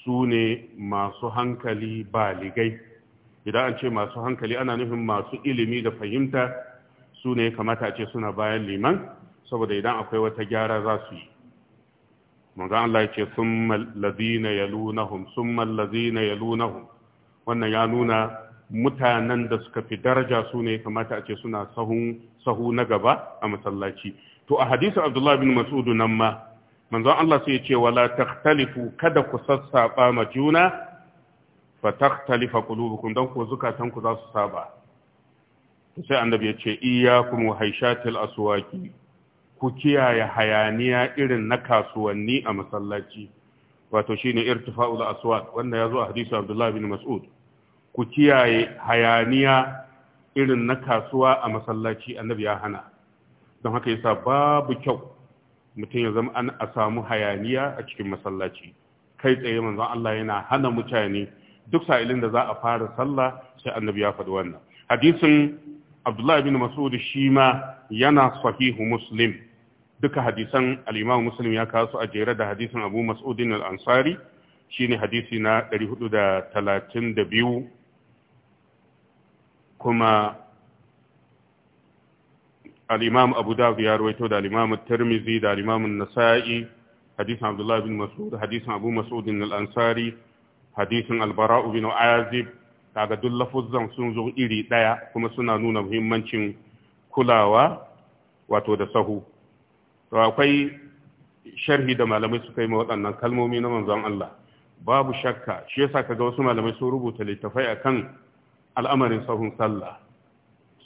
su ne masu hankali baligai idan an ce masu hankali ana nufin masu ilimi da fahimta su ne kamata a ce suna bayan liman saboda idan akwai wata gyara za su yi manzan Allah ya ce sun mallazina ya lunahun sun mallazina ya lunahun wannan ya nuna mutanen da suka fi daraja su ne kamata a ce suna sahu na gaba a masallaci to a hadisu abdullahi bin mas'udu nan ma manzon Allah sai ya ce wala takhtalifu kada ku sassaba ma juna fatakhtalifa qulubukum dan ku zukatan ku za su saba sai annabi ya ce iyyakum haishatil aswaqi ku kiyaye hayaniya irin na kasuwanni a masallaci wato shine irtifa'ul aswaq wanda yazo a hadisi Abdullah bin Mas'ud ku kiyaye hayaniya irin na kasuwa a masallaci annabi ya hana don haka yasa babu kyau mutum ya zama an a samu hayaniya a cikin masallaci kai tsaye manzon Allah yana hana mutane duk sa'ilin da za a fara sallah sai annabi ya faɗi wannan hadisin abdullahi bin mas'ud shi ma yana sahihu muslim duka hadisan al-imam muslim ya kawo su a jere da hadisin abu mas'udin al-ansari shine hadisi na 432 kuma al-imam abu dawud ya rawaito da al-imam tirmidhi da al-imam an-nasa'i hadisin abdullahi bin mas'ud hadisin abu mas'udin al-ansari hadisin albara'u bin azib kaga duk lafuzzan sun zo iri ɗaya kuma suna nuna muhimmancin kulawa wato da sahu to akwai sharhi da malamai suka yi waɗannan kalmomi na manzon Allah babu shakka shi yasa kaga wasu malamai sun rubuta littafai akan al'amarin sahun sallah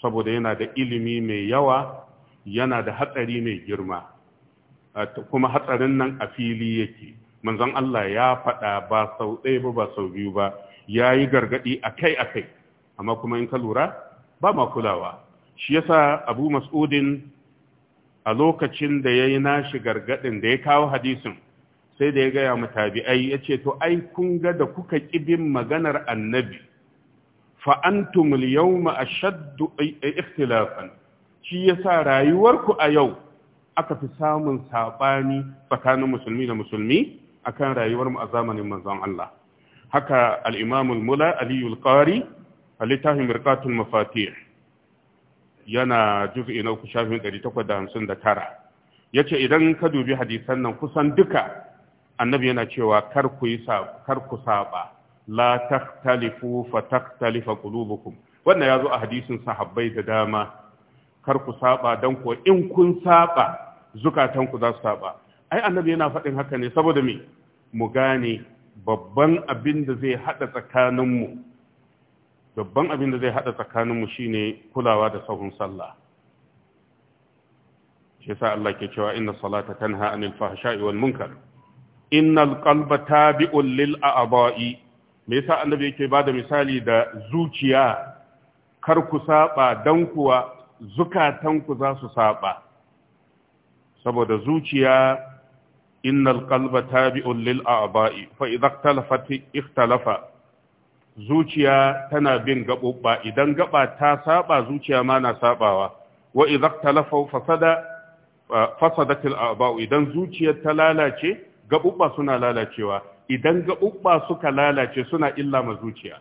saboda yana da ilimi mai yawa yana da hatsari mai girma kuma hatsarin nan a fili yake manzon Allah ya faɗa ba sau ɗaya ba ba sau biyu ba ya yi gargaɗi akai akai amma kuma in ka lura ba ma kulawa shi yasa abu mas'udin a lokacin da ya yi nashi gargaɗin da ya kawo hadisin sai da ya gaya mu tabi'ai ya ce to ai kun ga da kuka ƙibin maganar annabi al yawma ma'ashaddu ikhtilafan shi yasa sa rayuwarku a yau aka fi samun saɓani tsakanin musulmi da musulmi akan rayuwar mu a zamanin manzon Allah haka al-Imam al-Mula Ali al-Qari a littafin Mirqatul Mafatih yana juz'i na uku yace idan ka dubi hadisan nan kusan duka annabi yana cewa kar ku yi kar ku saba la takhtalifu fa takhtalifa qulubukum wannan yazo a hadisin sahabbai da dama kar ku saba dan ko in kun saba zukatanku za su saba ai annabi yana faɗin haka ne saboda me mu gane babban abin da zai haɗa tsakaninmu babban abin da zai haɗa tsakaninmu shine kulawa da sahun sallah shi sa Allah ke cewa inna salata tanha anil fahsha'i wal munkar innal qalba tabi'un lil a'dha'i me yasa annabi yake bada misali da zuciya kar ku saba dan kuwa zukatan ku za su saba saboda zuciya innal qalba tabi'un lil a'ba'i fa idza ikhtalafat ikhtalafa zuciya tana bin gabobba idan gaba ta saba zuciya ma na sabawa wa idza ikhtalafa fasada fasadat al a'ba'u idan zuciyar ta lalace gabobba suna lalacewa idan gabobba suka lalace suna illa ma zuciya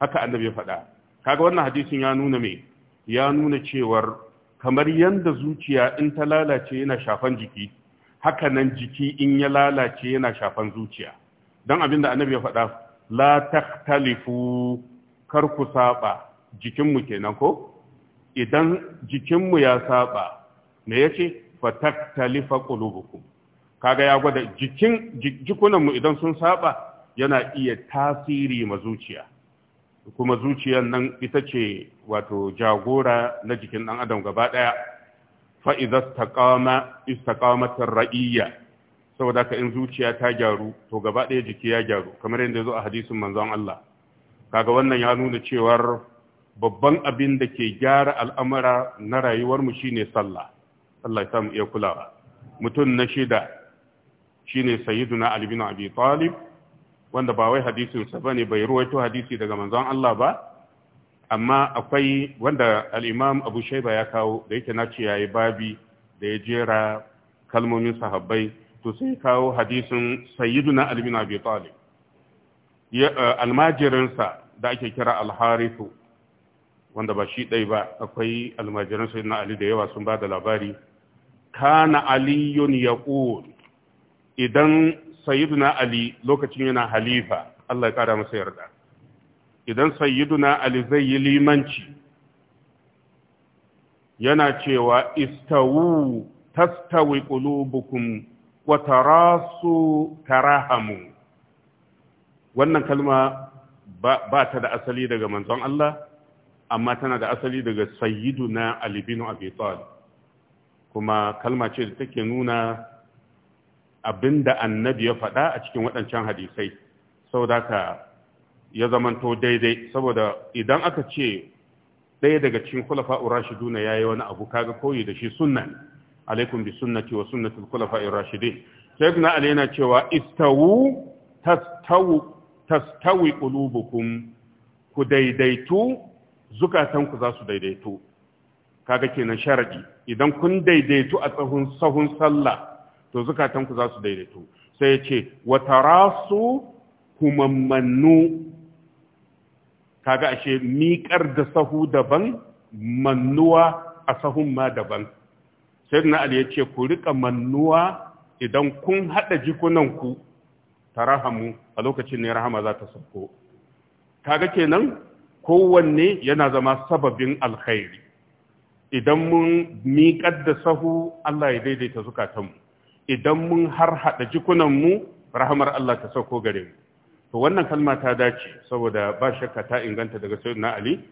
haka annabi ya faɗa kaga wannan hadisin ya nuna me ya nuna cewar kamar yadda zuciya in ta lalace yana shafan jiki haka nan jiki in ya lalace yana shafan zuciya don abin da annabi ya faɗa la takhtalifu kar ku saba jikinmu kenan ko idan jikinmu ya saba me yace fa takhtalifa qulubukum kaga ya gwada jikin jikunanmu idan sun saba yana iya tasiri ma zuciya kuma zuciyar nan ita ce wato jagora na jikin ɗan adam gaba ɗaya fa idza istaqama istaqamat ar-ra'iyya saboda ka in zuciya ta gyaru to gaba ɗaya jiki ya gyaru kamar yadda ya zo a hadisin manzon Allah kaga wannan ya nuna cewar babban abin da ke gyara al'amura na rayuwarmu shine sallah Allah ya samu iya kulawa mutum na shida shine sayyiduna Ali bin Abi Talib wanda ba wai hadisin sa bane bai ruwaito hadisi daga manzon Allah ba amma akwai wanda al'imam abu shaiba ya kawo da yake na ya yi babi da ya jera kalmomin sahabbai to sai kawo hadisin sayyiduna almin abi talib eh, almajirinsa da ake kira alharifu wanda ba shi ɗai ba akwai almajirinsa na ali da yawa sun ba da labari kana aliyun yaqul idan na ali lokacin yana halifa Allah ya kara masa yarda idan sayyiduna ali zai yi limanci yana cewa istawu tastawi qulubukum wa tarasu tarahamu wannan kalma ba ta da asali daga manzon Allah amma tana da asali daga sayyiduna ali bin abi talib kuma kalma ce da take nuna abinda annabi ya faɗa a cikin waɗancan hadisai saboda ka ya zamanto daidai saboda idan aka ce ɗaya daga cikin kulafa urashiduna ya yi wani abu kaga koyi da shi sunna alaikun bi sunnati wa sunnati kulafa urashidin sai na ali cewa istawu tastawu tastawi qulubukum ku daidaitu zukatanku za su daidaitu kaga kenan sharadi idan kun daidaitu a tsahun sahun sallah to zukatanku za su daidaitu sai ya ce wa tarasu kumammannu kaga ashe miƙar da sahu daban mannuwa a sahun ma daban sayyidina ali yace ku rika mannuwa idan kun haɗa jikunan ku tarahamu a lokacin ne rahama za ta sauko kaga kenan kowanne yana zama sababin alkhairi idan mun miƙar da sahu Allah ya daidaita zukatanmu idan mun har jikunan mu, rahamar Allah ta sauko gare mu to wannan kalma ta dace saboda ba shakka ta inganta daga sayyidina ali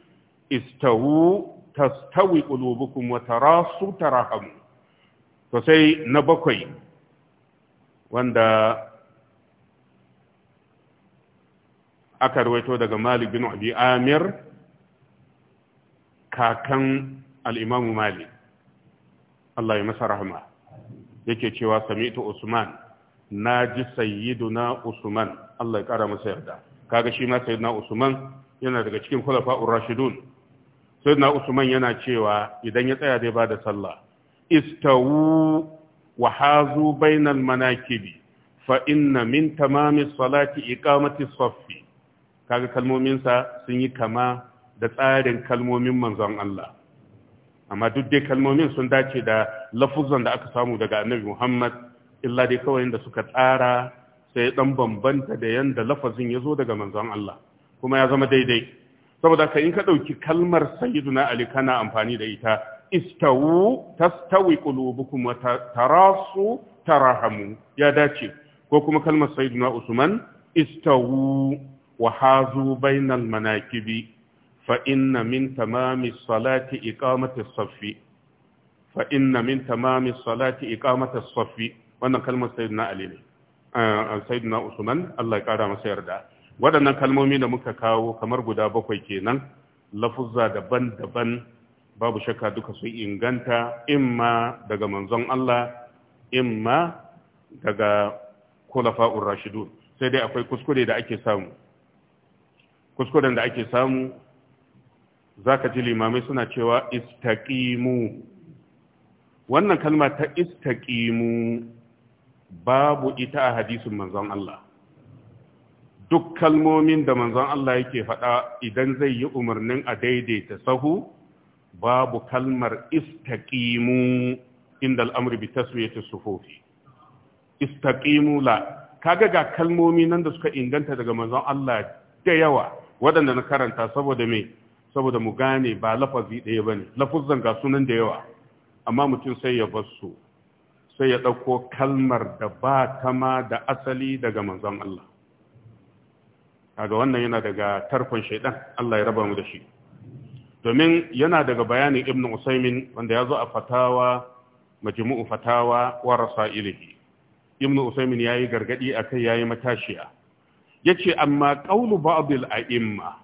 istawu tastawi qulubukum wa tarasu tarahamu to sai na bakwai wanda aka rawaito daga Malik bin Abi Amir kakan al Malik Allah ya masa rahama yake cewa sami'tu Usman na ji sayyiduna usman Allah ya kara masa yarda kaga shi ma sayyiduna usman yana daga cikin ar rashidun sayyiduna usman yana cewa idan ya tsaya zai bada sallah istawu wa hazu bainal manakibi fa inna min tamami salati iqamati saffi kaga kalmomin sa sun yi kama da tsarin kalmomin manzon Allah amma duk dai kalmomin sun dace da lafuzan da aka samu daga annabi Muhammad illa dai kawai da suka tsara sai dan bambanta da yanda lafazin ya zo daga manzon Allah kuma ya zama daidai saboda ka in ka ɗauki kalmar sayyiduna ali kana amfani da ita istawu tastawi qulubukum wa tarasu tarahamu ya dace ko kuma kalmar sayyiduna usman istawu wa hazu bainal manakibi fa inna min tamami salati iqamati as-safi fa inna min tamami salati iqamati as-safi wannan kalmar sayyidina ali ne ah, sayyidina usman Allah ya kara masa yarda waɗannan kalmomi da muka kawo kamar guda bakwai kenan lafuzza daban-daban babu shakka duka sun inganta imma daga manzon Allah imma daga kulafa'ur Rashidu. sai dai akwai kuskure da ake samu kuskuren da ake samu zaka ji limamai suna cewa istaqimu wannan kalma ta istaqimu babu ita a hadisin manzon Allah duk kalmomin da manzon Allah yake faɗa idan zai yi umarnin a daidaita sahu babu kalmar istaqimu inda al'amri bi sufufi istaqimu la kaga ga kalmomi nan da suka inganta daga manzon Allah da yawa waɗanda na karanta saboda me saboda mu gane ba lafazi ɗaya bane lafuzan ga sunan da yawa amma mutum sai ya bar su sai ya ɗauko kalmar da ba ta ma da asali daga manzon Allah kaga wannan yana daga tarkon shaidan Allah ya raba mu da shi domin yana daga bayanin ibn usaimin wanda ya zo a fatawa majmu'u fatawa wa ilihi. ibn usaimin yayi gargadi ya yi matashiya Ya ce amma qawlu ba'dil a'imma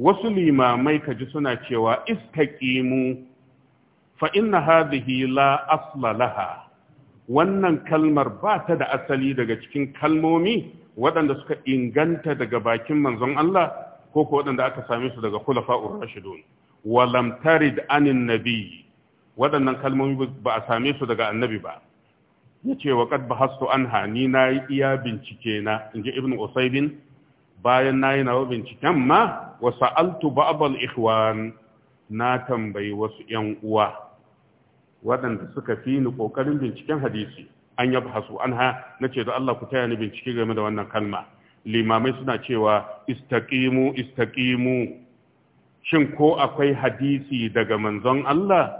wasu limamai ka ji suna cewa istaqimu fa inna hadhihi la asla laha wannan kalmar ba ta da asali daga cikin kalmomi waɗanda suka inganta daga bakin manzon Allah ko ko waɗanda aka same su daga khulafa'ur rashidun wa lam tarid anin nabi waɗannan kalmomi ba a same su daga annabi ba yace wa qad bahastu anha ni nayi iya bincike na inji ibnu usaybin bayan nayi nawa binciken ma wa sa'altu ba'd al ikhwan na tambayi wasu yan uwa waɗanda suka fi ni ƙoƙarin binciken hadisi an yaba hasu an ha na ce da Allah ku taya ni bincike game da wannan kalma limamai suna cewa istaqimu istaqimu shin ko akwai hadisi daga manzon Allah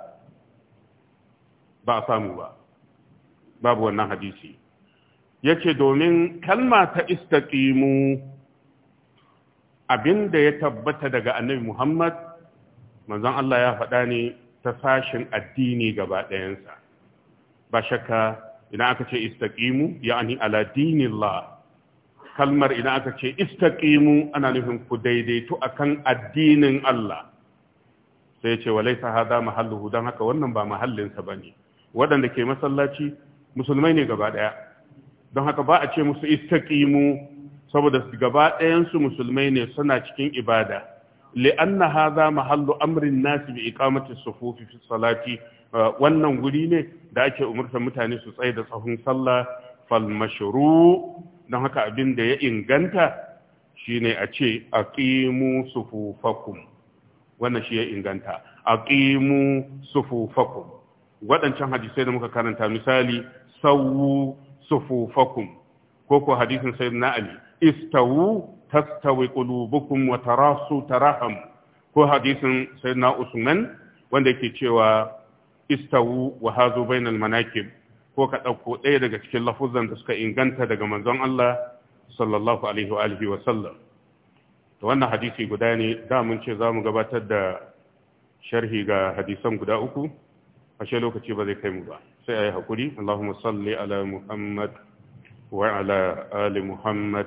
ba a samu ba babu wannan hadisi yace domin kalma ta istaqimu abinda ya tabbata daga annabi Muhammad manzon Allah ya faɗa ne ta sashin addini gaba ɗayansa ba shakka ina aka ce istaqimu ya'ani ala dinillah kalmar ina aka ce istaƙimu ana nufin ku daidaitu akan addinin Allah sai ce walaysa hadha mahallu Don haka wannan ba mahallinsa ba ne. waɗanda ke masallaci musulmai ne gaba ɗaya don haka ba a ce musu istaƙimu saboda gaba musulmai ne suna cikin ibada li'anna hadha mahallu amrin nasi bi iqamati sufufi fi salati wannan guri ne da ake umurtar mutane su tsaye da tsahon sallah fal don haka abin da ya inganta shine a ce aqimu sufufakum wannan shi ya inganta aqimu sufufakum waɗancan hadisai da muka karanta misali sawu sufufakum ko ko hadisin sayyidina ali istawu tastawi qulubukum wa tarasu taraham ko hadisin sayyidina Usman wanda yake cewa istawu wa hazu bainal manakib ko ka ɗauko ɗaya daga cikin lafuzan da suka inganta daga manzon Allah sallallahu alaihi wa alihi wa sallam to wannan hadisi guda ne da mun ce zamu gabatar da sharhi ga hadisan guda uku ashe lokaci ba zai kai mu ba sai ayi hakuri Allahumma salli ala Muhammad Muhammad